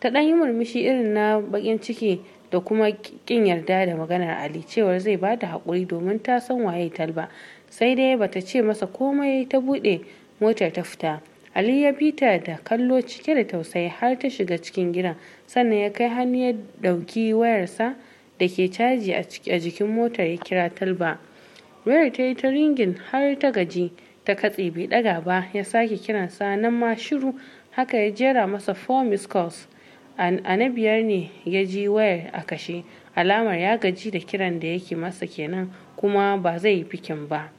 [SPEAKER 16] ta ɗan yi murmushi irin na baƙin ciki da kuma kin yarda da maganar ali cewar zai ba da haƙuri domin ta san waye talba sai dai bata ce masa komai ta buɗe motar ta fita ali ya bi ta da kallo cike da tausayi har ta shiga cikin gidan sannan ya kai hannu ya ɗauki wayarsa da ke caji a jikin motar ya kira talba wayar ta yi ta ringin har ta gaji ta katse bai ɗaga ba ya sake kiransa nan ma shiru haka ya jera masa four miss calls a na biyar ne ya ji wayar a kashe alamar ya gaji da kiran da yake masa kenan kuma ba zai yi fikin ba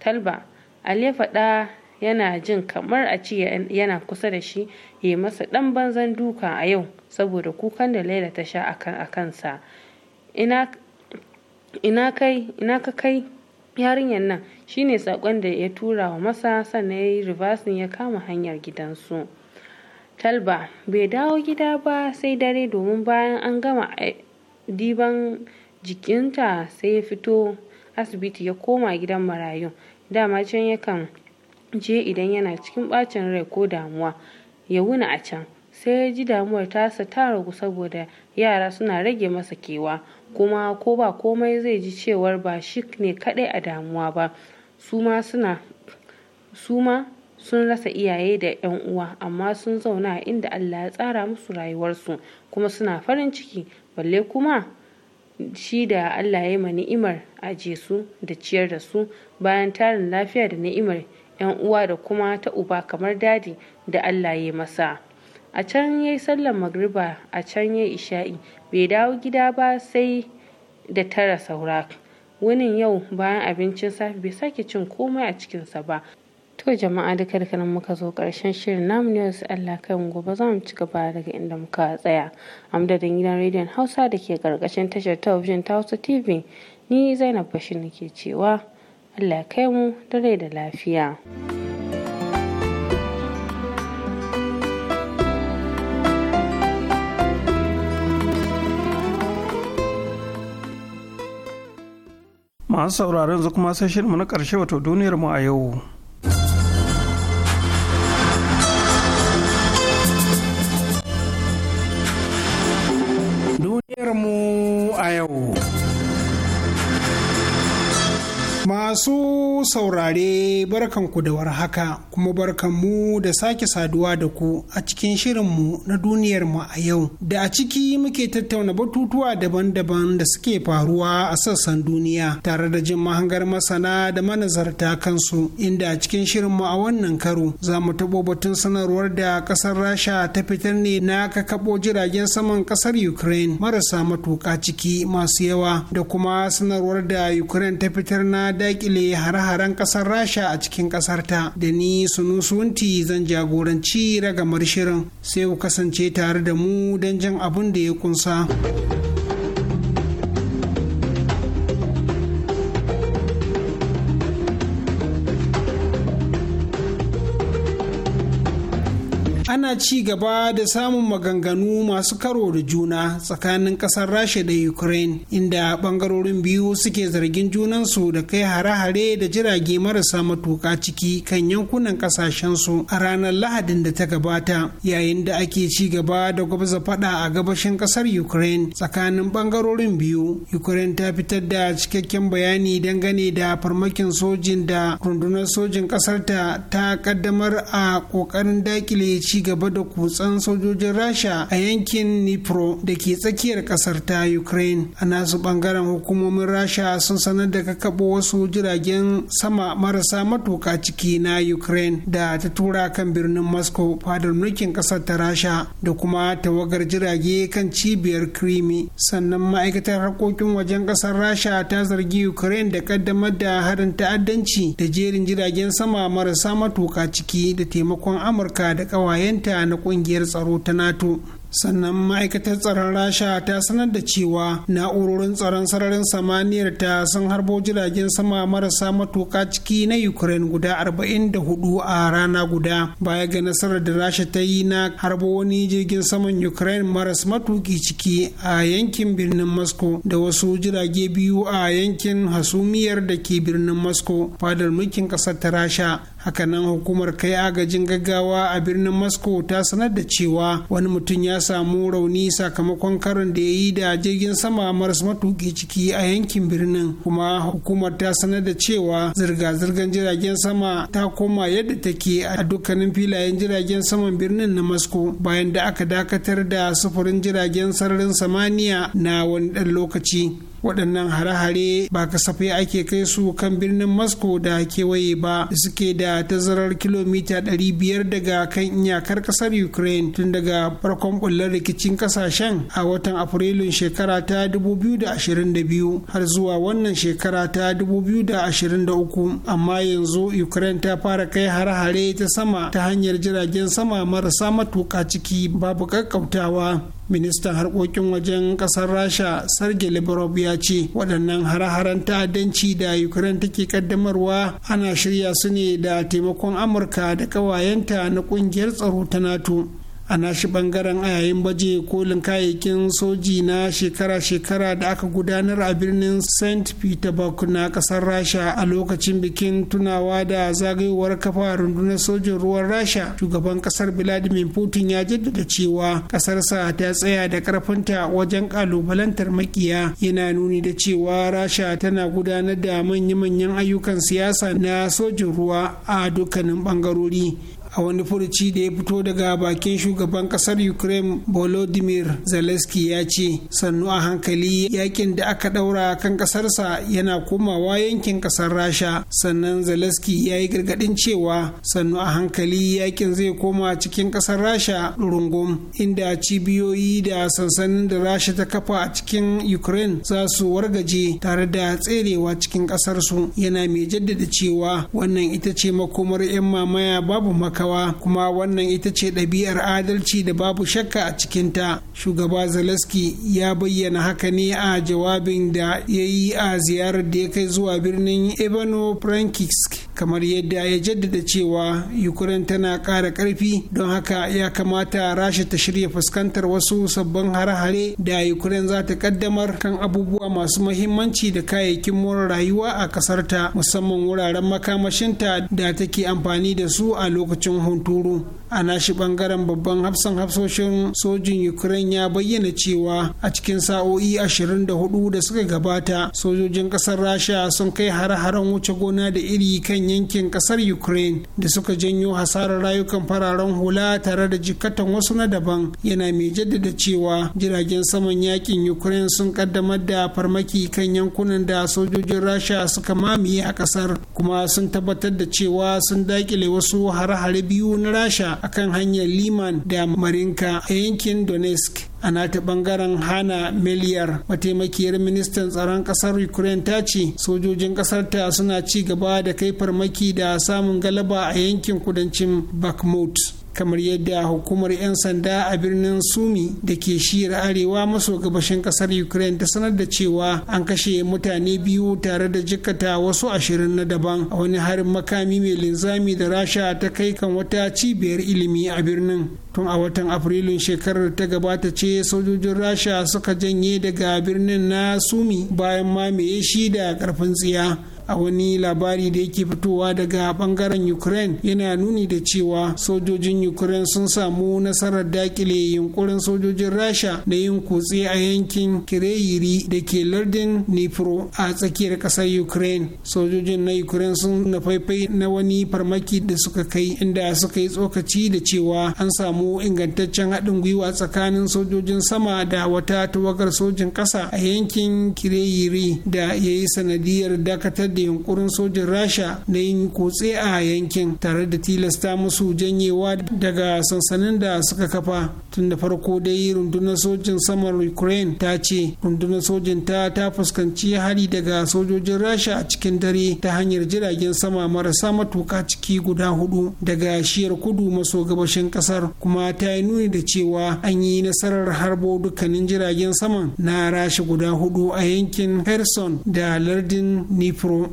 [SPEAKER 16] talba ali ya faɗa yana jin kamar a ce yana kusa da shi ya masa ɗan banzan duka a yau saboda kukan da laila ta sha a kansa ina ka kai yarinyar nan shine saƙon da ya tura wa masa sannan ya yi ya kama hanyar gidansu. talba bai dawo gida ba sai dare domin bayan an gama eh, diban jikinta sai ya fito asibiti ya koma gidan marayun dama can yakan je idan yana cikin bacin rai ko damuwa ya wuna a can sai ya ji damuwar tasa ta ragu saboda yara suna rage masa kewa kuma ko ba komai zai ji cewar ba shi ne kadai a damuwa ba su ma su ma sun rasa iyaye da 'yan uwa amma sun zauna inda Allah ya tsara musu rayuwarsu kuma suna farin ciki balle kuma shi da Allah ya yi ma ni'imar aje su da ciyar da su bayan tarin lafiya da ni'imar 'yan uwa da kuma ta uba kamar dadi da Allah ya masa a can ya yi sallar magriba a can ya isha'i bai dawo gida ba sai da tara saurak wunin yau bayan abincin safe bai sake cin komai a cikinsa ba To jama'a duka da nan muka zo karshen shirin namu ne wasu Allah kai mu gobe za mu ci gaba daga inda muka tsaya. Amdadin gidan rediyon Hausa da ke karkashin tashar talabijin ta Hausa TV ni Zainab Bashir nake cewa Allah kai mu da rai da lafiya.
[SPEAKER 2] Masu sauraron zu kuma sai mu na karshe wato duniyar mu a yau. Mel. É
[SPEAKER 4] Masu saurare barkanku da warhaka kuma barkanmu da sake saduwa da ku a cikin shirinmu na duniyarmu a yau da a ciki muke tattauna batutuwa daban-daban da suke faruwa a sassan duniya tare da jin mahangar masana da manazarta kansu inda a cikin shirinmu a wannan karo za mu taɓo batun sanarwar da ƙasar rasha ta fitar ne na kakaɓo jiragen saman ƙasar ukraine marasa matuƙa ciki masu yawa da kuma sanarwar da ukraine ta fitar na daki kile hare-haren kasar rasha a cikin kasar ta da ni sunusunti zan jagoranci ragamar shirin sai ku kasance tare da mu don jin abin da ya kunsa. ana ci gaba da samun maganganu masu karo da juna tsakanin kasar rasha da ukraine inda bangarorin biyu suke zargin junansu da kai hare-hare da jirage marasa matuka ciki kan yankunan kasashensu a ranar lahadin da ta gabata yayin da ake ci gaba da gwabza fada a gabashin kasar ukraine tsakanin bangarorin biyu ukraine ta fitar da cikakken bayani dangane da farmakin sojin da rundunar sojin kasarta ta kaddamar a kokarin dakile ci gaba da kutsan sojojin rasha a yankin nipro da ke tsakiyar kasar ta ukraine a nasu bangaren hukumomin rasha sun sanar da kakabo wasu jiragen sama marasa matuka ciki na ukraine da ta tura kan birnin moscow fadar mulkin kasar ta rasha da kuma tawagar jirage kan cibiyar krimi sannan ma'aikatar harkokin wajen kasar rasha ta zargi ukraine da kaddamar da harin ta'addanci da jerin jiragen sama marasa matuka ciki da taimakon amurka da kawaye. kawayenta na kungiyar tsaro ta nato sannan ma'aikatar tsaron rasha ta sanar da cewa na'urorin tsaron sararin samaniyar ta sun harbo jiragen sama marasa matuƙa ciki na ukraine guda 44 a rana guda baya ga nasarar da rasha ta yi na harbo wani jirgin saman ukraine maras matuki ciki a yankin birnin moscow da wasu jirage biyu a yankin hasumiyar da ke birnin moscow fadar mulkin kasar ta rasha hakanan hukumar kai agajin gaggawa a birnin moscow ta sanar da cewa wani mutum ya samu rauni sakamakon karin da ya yi da jirgin sama maras matuki ciki a yankin birnin kuma hukumar ta sanar da cewa zirga-zirgar jiragen sama ta koma yadda take a dukkanin filayen jiragen saman birnin na moscow bayan da aka dakatar da sufurin jiragen sararin samaniya na wani dan lokaci waɗannan hare-hare ba kasafai ake kai su kan birnin moscow da kewaye ba da suke da tazarar kilomita 500 daga kan iyakar ƙasar ukraine tun daga farkon bullar rikicin ƙasashen a watan afrilun shekara ta 2022 har zuwa wannan shekara ta 2023 amma yanzu ukraine ta fara kai hare-hare ta sama ta hanyar jiragen sama marasa matuƙa ciki babu ƙaƙƙautawa ministan harkokin wajen kasar rasha sarge liberov ya ce waɗannan hare-haren ta'addanci da ukraine take kaddamarwa ana shirya su ne da taimakon amurka da ƙawayenta na ƙungiyar tsaro ta nato a nashi bangaren a yayin baje kolin kayayyakin soji na shekara-shekara da aka gudanar a birnin st petersburg na kasar rasha a lokacin bikin tunawa da zagayowar kafa rundunar sojin ruwan rasha shugaban kasar vladimir putin ya jaddada cewa kasarsa ta tsaya da karfinta wajen kalubalantar makiya yana nuni da cewa rasha tana gudanar da manya-manyan ayyukan siyasa na sojin ruwa a dukkanin bangarori a wani furuci da ya fito daga bakin shugaban kasar ukraine volodymyr zelensky ya ce sannu a hankali yakin da aka daura kan kasarsa yana komawa yankin kasar rasha sannan zelensky ya yi gargadin cewa sannu a hankali yakin zai koma cikin kasar rasha rungum inda cibiyoyi da sansanin da rasha ta kafa a cikin ukraine za su wargaje tare da tserewa cikin kasarsu yana mai jaddada cewa wannan ita ce makomar 'yan mamaya babu maka talakawa kuma wannan ita ce ɗabi'ar adalci da babu shakka a cikinta shugaba zelensky ya bayyana haka ne a jawabin da ya yi a ziyarar da ya kai zuwa birnin ebano frankivsk kamar yadda ya jaddada cewa ukraine tana ƙara ƙarfi don haka ya kamata rasha ta shirya fuskantar wasu sabbin hare-hare da ukraine za ta kaddamar kan abubuwa masu mahimmanci da kayayyakin more rayuwa a ƙasarta musamman wuraren makamashinta da take amfani da su a lokacin lokacin hunturu a nashi bangaren babban hafsan hafsoshin sojin ukraine ya bayyana cewa a cikin sa'o'i ashirin da hudu da suka gabata sojojin kasar rasha sun kai hare-haren wuce gona da iri kan yankin kasar ukraine da suka janyo hasarar rayukan fararen hula tare da jikatan wasu na daban yana mai jaddada cewa jiragen saman yakin ukraine sun kaddamar da farmaki kan yankunan da sojojin rasha suka mamaye a kasar kuma sun tabbatar da cewa sun dakile wasu hare-hare biyu na rasha akan hanyar liman da marinka a yankin donetsk a nata bangaren hana miliyar mataimakiyar ministan tsaron kasar ukraine ta ce sojojin kasar ta suna ci gaba da kai farmaki da samun galaba a yankin kudancin bakhmut kamar yadda hukumar 'yan sanda a birnin sumi da ke shiyar arewa maso gabashin kasar ukraine ta sanar da cewa an kashe mutane biyu tare da jikkata wasu ashirin na daban a wani harin makami mai linzami da rasha ta kai kan wata cibiyar ilimi a birnin tun a watan afrilun shekarar ta gabata ce sojojin rasha suka janye daga birnin na sumi bayan mamaye shi da karfin tsiya a wani labari da yake fitowa daga bangaren ukraine yana nuni da cewa sojojin ukraine sun samu nasarar dakile yunkurin sojojin rasha da yin kutse a yankin kireyiri da ke lardin nipro a tsakiyar kasar ukraine sojojin na ukraine sun na faifai na wani farmaki da suka kai inda suka yi tsokaci da cewa an samu ingantaccen haɗin gwiwa tsakanin sojojin sama da wata tawagar sojin ƙasa a yankin kireyiri da ya yi sanadiyar dakatar da da yunkurin sojin rasha na yin kutse a yankin tare da tilasta musu janyewa daga sansanin da suka kafa tun da farko dai rundunar sojin saman ukraine ta ce rundunar sojin ta ta fuskanci hari daga sojojin rasha a cikin dare ta hanyar jiragen sama marasa matuka ciki guda hudu daga shiyar kudu maso gabashin kasar kuma ta yi nuni da cewa an yi nasarar harbo dukkanin jiragen saman na rasha guda hudu a yankin herson da lardin Nipro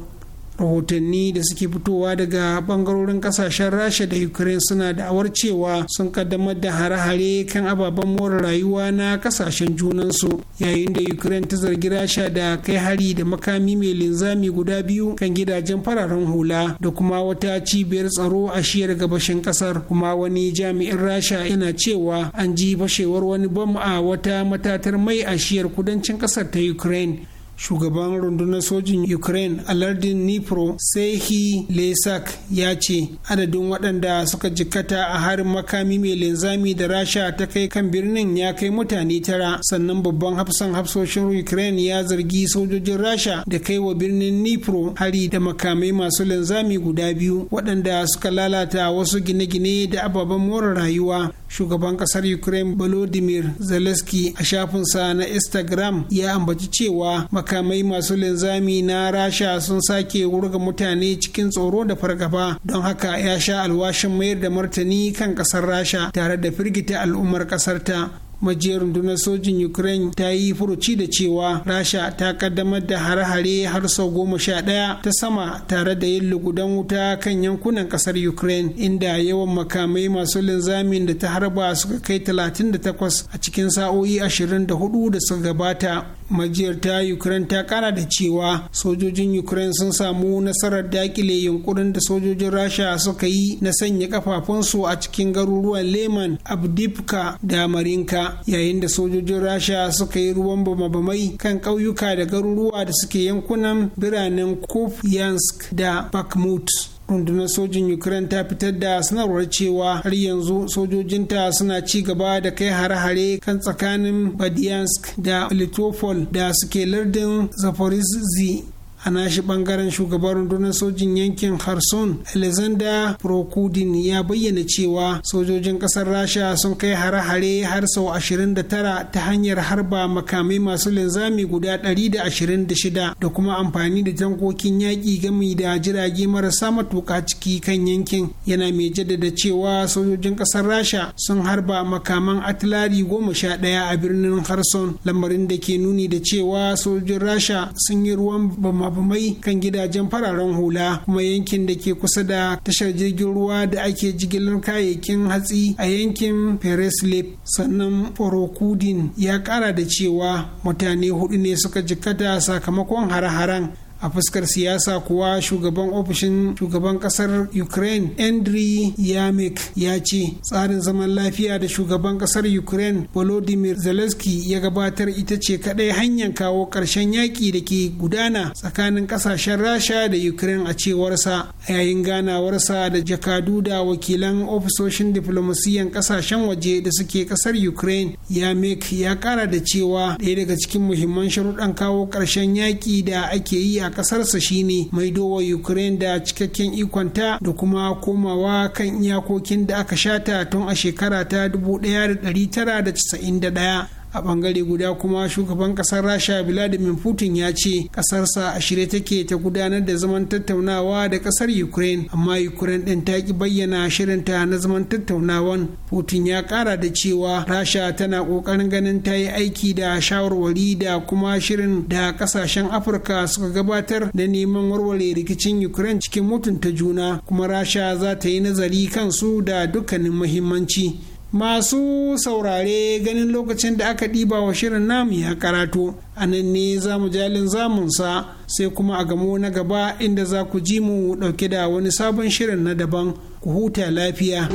[SPEAKER 4] rahotanni da suke fitowa daga bangarorin kasashen rasha da ukraine suna da'awar cewa sun kaddamar da hare-hare kan ababen more rayuwa na kasashen junansu yayin da ukraine ta zargi rasha da kai hari da makami mai linzami guda biyu kan gidajen fararen hula da kuma wata cibiyar tsaro a shiyar gabashin kasar kuma wani jami'in rasha yana cewa an ji fashewar wani bam a wata matatar mai a shiyar kudancin kasar ta ukraine shugaban rundunar sojin ukraine alardin nipro sehi lesak ya ce adadin waɗanda suka jikkata a harin makami mai linzami da rasha ta kai kan birnin ya kai mutane tara sannan babban hafsan hafsoshin ukraine ya zargi sojojin rasha da kai wa birnin nipro hari da makamai masu linzami guda biyu waɗanda suka lalata wasu gine-gine da ababen more rayuwa shugaban ƙasar ukraine volodymyr zelensky a shafinsa na instagram ya ambaci cewa makamai masu linzami na rasha sun sake wurga mutane cikin tsoro da fargaba don haka ya sha alwashin mayar da martani kan kasar rasha tare da firgita al'ummar kasarta majiyar rundunar sojin ukraine ta yi furuci da cewa rasha ta kaddamar da hare-hare har sau goma sha ɗaya ta sama tare da yin lugudan wuta kan yankunan kasar ukraine inda yawan makamai masu linzamin da ta harba suka kai 38 a cikin sa'o'i 24 da suka gabata majiyar ta ukraine ta kara da cewa sojojin ukraine sun samu nasarar dakile yunkurin da sojojin rasha suka yi na sanya kafafunsu a cikin garuruwan leman abdibka da marinka yayin da sojojin rasha suka yi ruwan bama-bamai kan ƙauyuka da garuruwa da suke yankunan biranen kuf yansk da bakmut rundunar sojin ukraine ta fitar da sanarwar cewa har yanzu sojojinta suna ci gaba da kai hare-hare kan tsakanin badiansk da litopol da suke lardin zaporizhzhia ana shi bangaren shugaban rundunar sojin yankin harson alexander prokudin ya bayyana cewa sojojin kasar rasha sun kai hare-hare har sau 29 ta hanyar harba makamai masu linzami guda 126 da kuma amfani da tankokin yaƙi gami da jirage marasa matuka ciki kan yankin yana mai jaddada cewa sojojin kasar rasha sun harba makaman atilari goma sha ɗaya a birnin harson lamarin da ke nuni da cewa sojojin rasha sun yi ruwan bama mai kan gidajen fararen hula kuma yankin da ke kusa da tashar jirgin ruwa da ake jigilar kayayyakin hatsi a yankin Lake sannan porokudin ya kara da cewa mutane hudu ne suka jikkata sakamakon hare-haren a fuskar siyasa kuwa shugaban ofishin shugaban kasar ukraine andriy yamek ya ce tsarin zaman lafiya da shugaban kasar ukraine volodymyr zelensky ya gabatar ita ce kadai hanyar kawo karshen yaƙi da ke gudana tsakanin kasashen rasha da ukraine a cewarsa a yayin ganawarsa da jakadu da wakilan ofisoshin diflomasiyan kasashen waje da suke kasar ukraine yamek ya kara da cewa ɗaya daga cikin muhimman sharuɗan kawo ƙarshen yaƙi da ake yi a a ƙasarsa shine maido wa ukraine da cikakken ikonta da kuma komawa kan iyakokin da aka shata tun a shekara ta 1991 a bangare guda kuma shugaban kasar rasha vladimir putin ya ce kasarsa a shirye take ta gudanar da zaman tattaunawa da kasar ukraine amma ukraine din ta ki bayyana shirinta na zaman tattaunawan putin ya kara da cewa rasha tana kokarin ganin ta yi aiki da shawarwari da kuma shirin da kasashen afirka suka gabatar da neman warware rikicin ukraine cikin mutunta juna kuma rasha za ta yi nazari kansu da dukkanin muhimmanci masu saurare ganin lokacin da aka ɗiba wa shirin namu ya karatu a nan ne za mu jalin zamunsa sai kuma a gamo na gaba inda za ku ji mu ɗauke da wani sabon shirin na daban ku huta lafiya.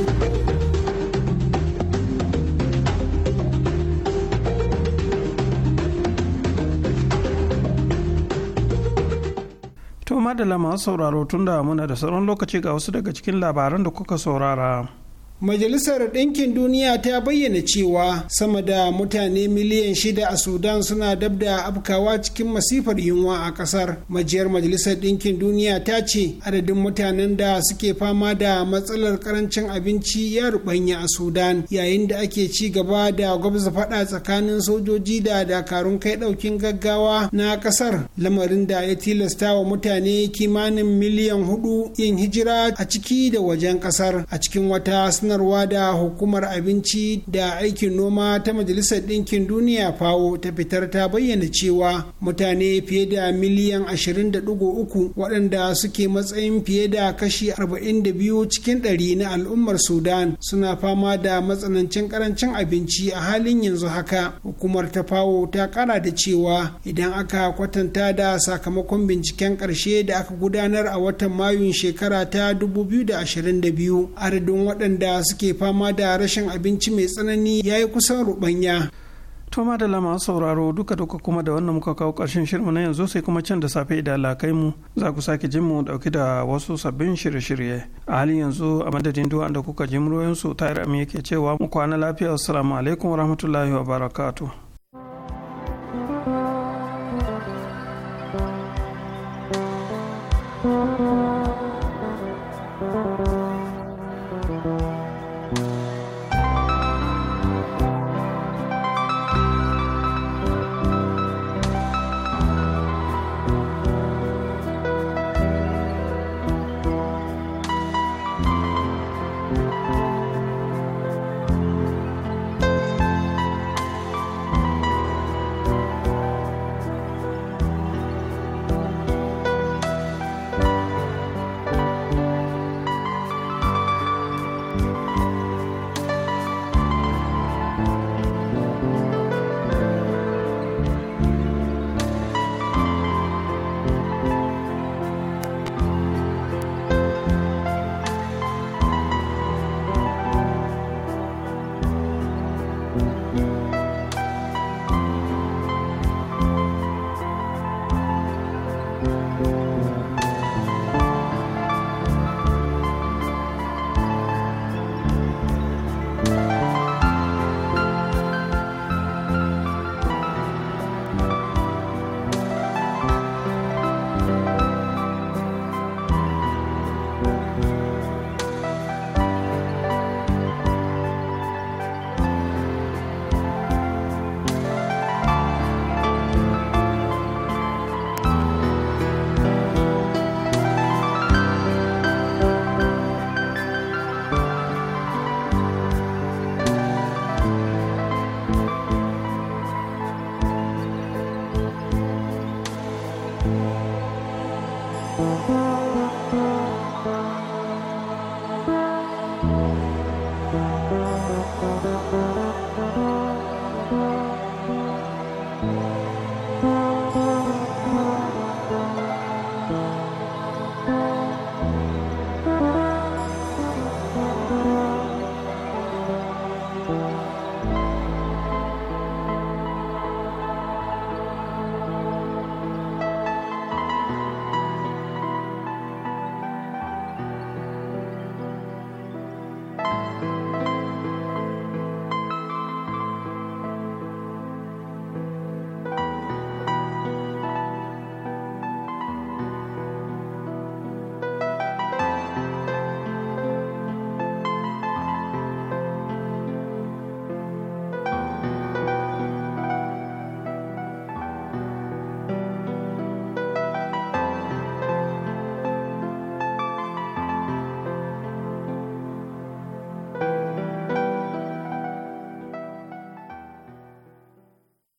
[SPEAKER 2] To da masu sauraro tunda muna da sauran lokaci ga wasu daga cikin labaran da kuka saurara. Majalisar
[SPEAKER 4] Ɗinkin Duniya ta bayyana cewa sama da mutane miliyan shida a Sudan suna dab da afkawa cikin masifar yunwa a ƙasar. Majiyar Majalisar Ɗinkin Duniya ta ce adadin mutanen da suke fama da matsalar karancin abinci ya rubanya a Sudan yayin da ake ci gaba da gwabza faɗa tsakanin sojoji da dakarun kai ɗaukin gaggawa na ƙasar lamarin da ya tilasta wa mutane kimanin miliyan hudu yin hijira a ciki da wajen ƙasar a cikin wata suna sanarwa da hukumar abinci da aikin noma ta majalisar ɗinkin duniya fawo ta fitar ta bayyana cewa mutane fiye da miliyan 20.3 waɗanda suke matsayin fiye da kashi 42 cikin ɗari na al'ummar sudan suna fama da matsanancin karancin abinci a halin yanzu haka hukumar ta fawo ta kara da cewa idan aka kwatanta da sakamakon binciken ƙarshe da aka gudanar a watan mayun shekara ta 2022 adadin
[SPEAKER 2] waɗanda waɗanda suke fama da rashin abinci mai tsanani ya yi kusan ruɓanya to madalla masu sauraro duka duka kuma da wannan muka kawo ƙarshen shirma na yanzu sai kuma can da safe idan lakai mu za ku sake jin mu dauki da wasu sabbin shirye-shirye a halin yanzu a madadin duwa da kuka ji muryoyin su tayar amin yake cewa mu kwana lafiya assalamu alaikum warahmatullahi wabarakatuh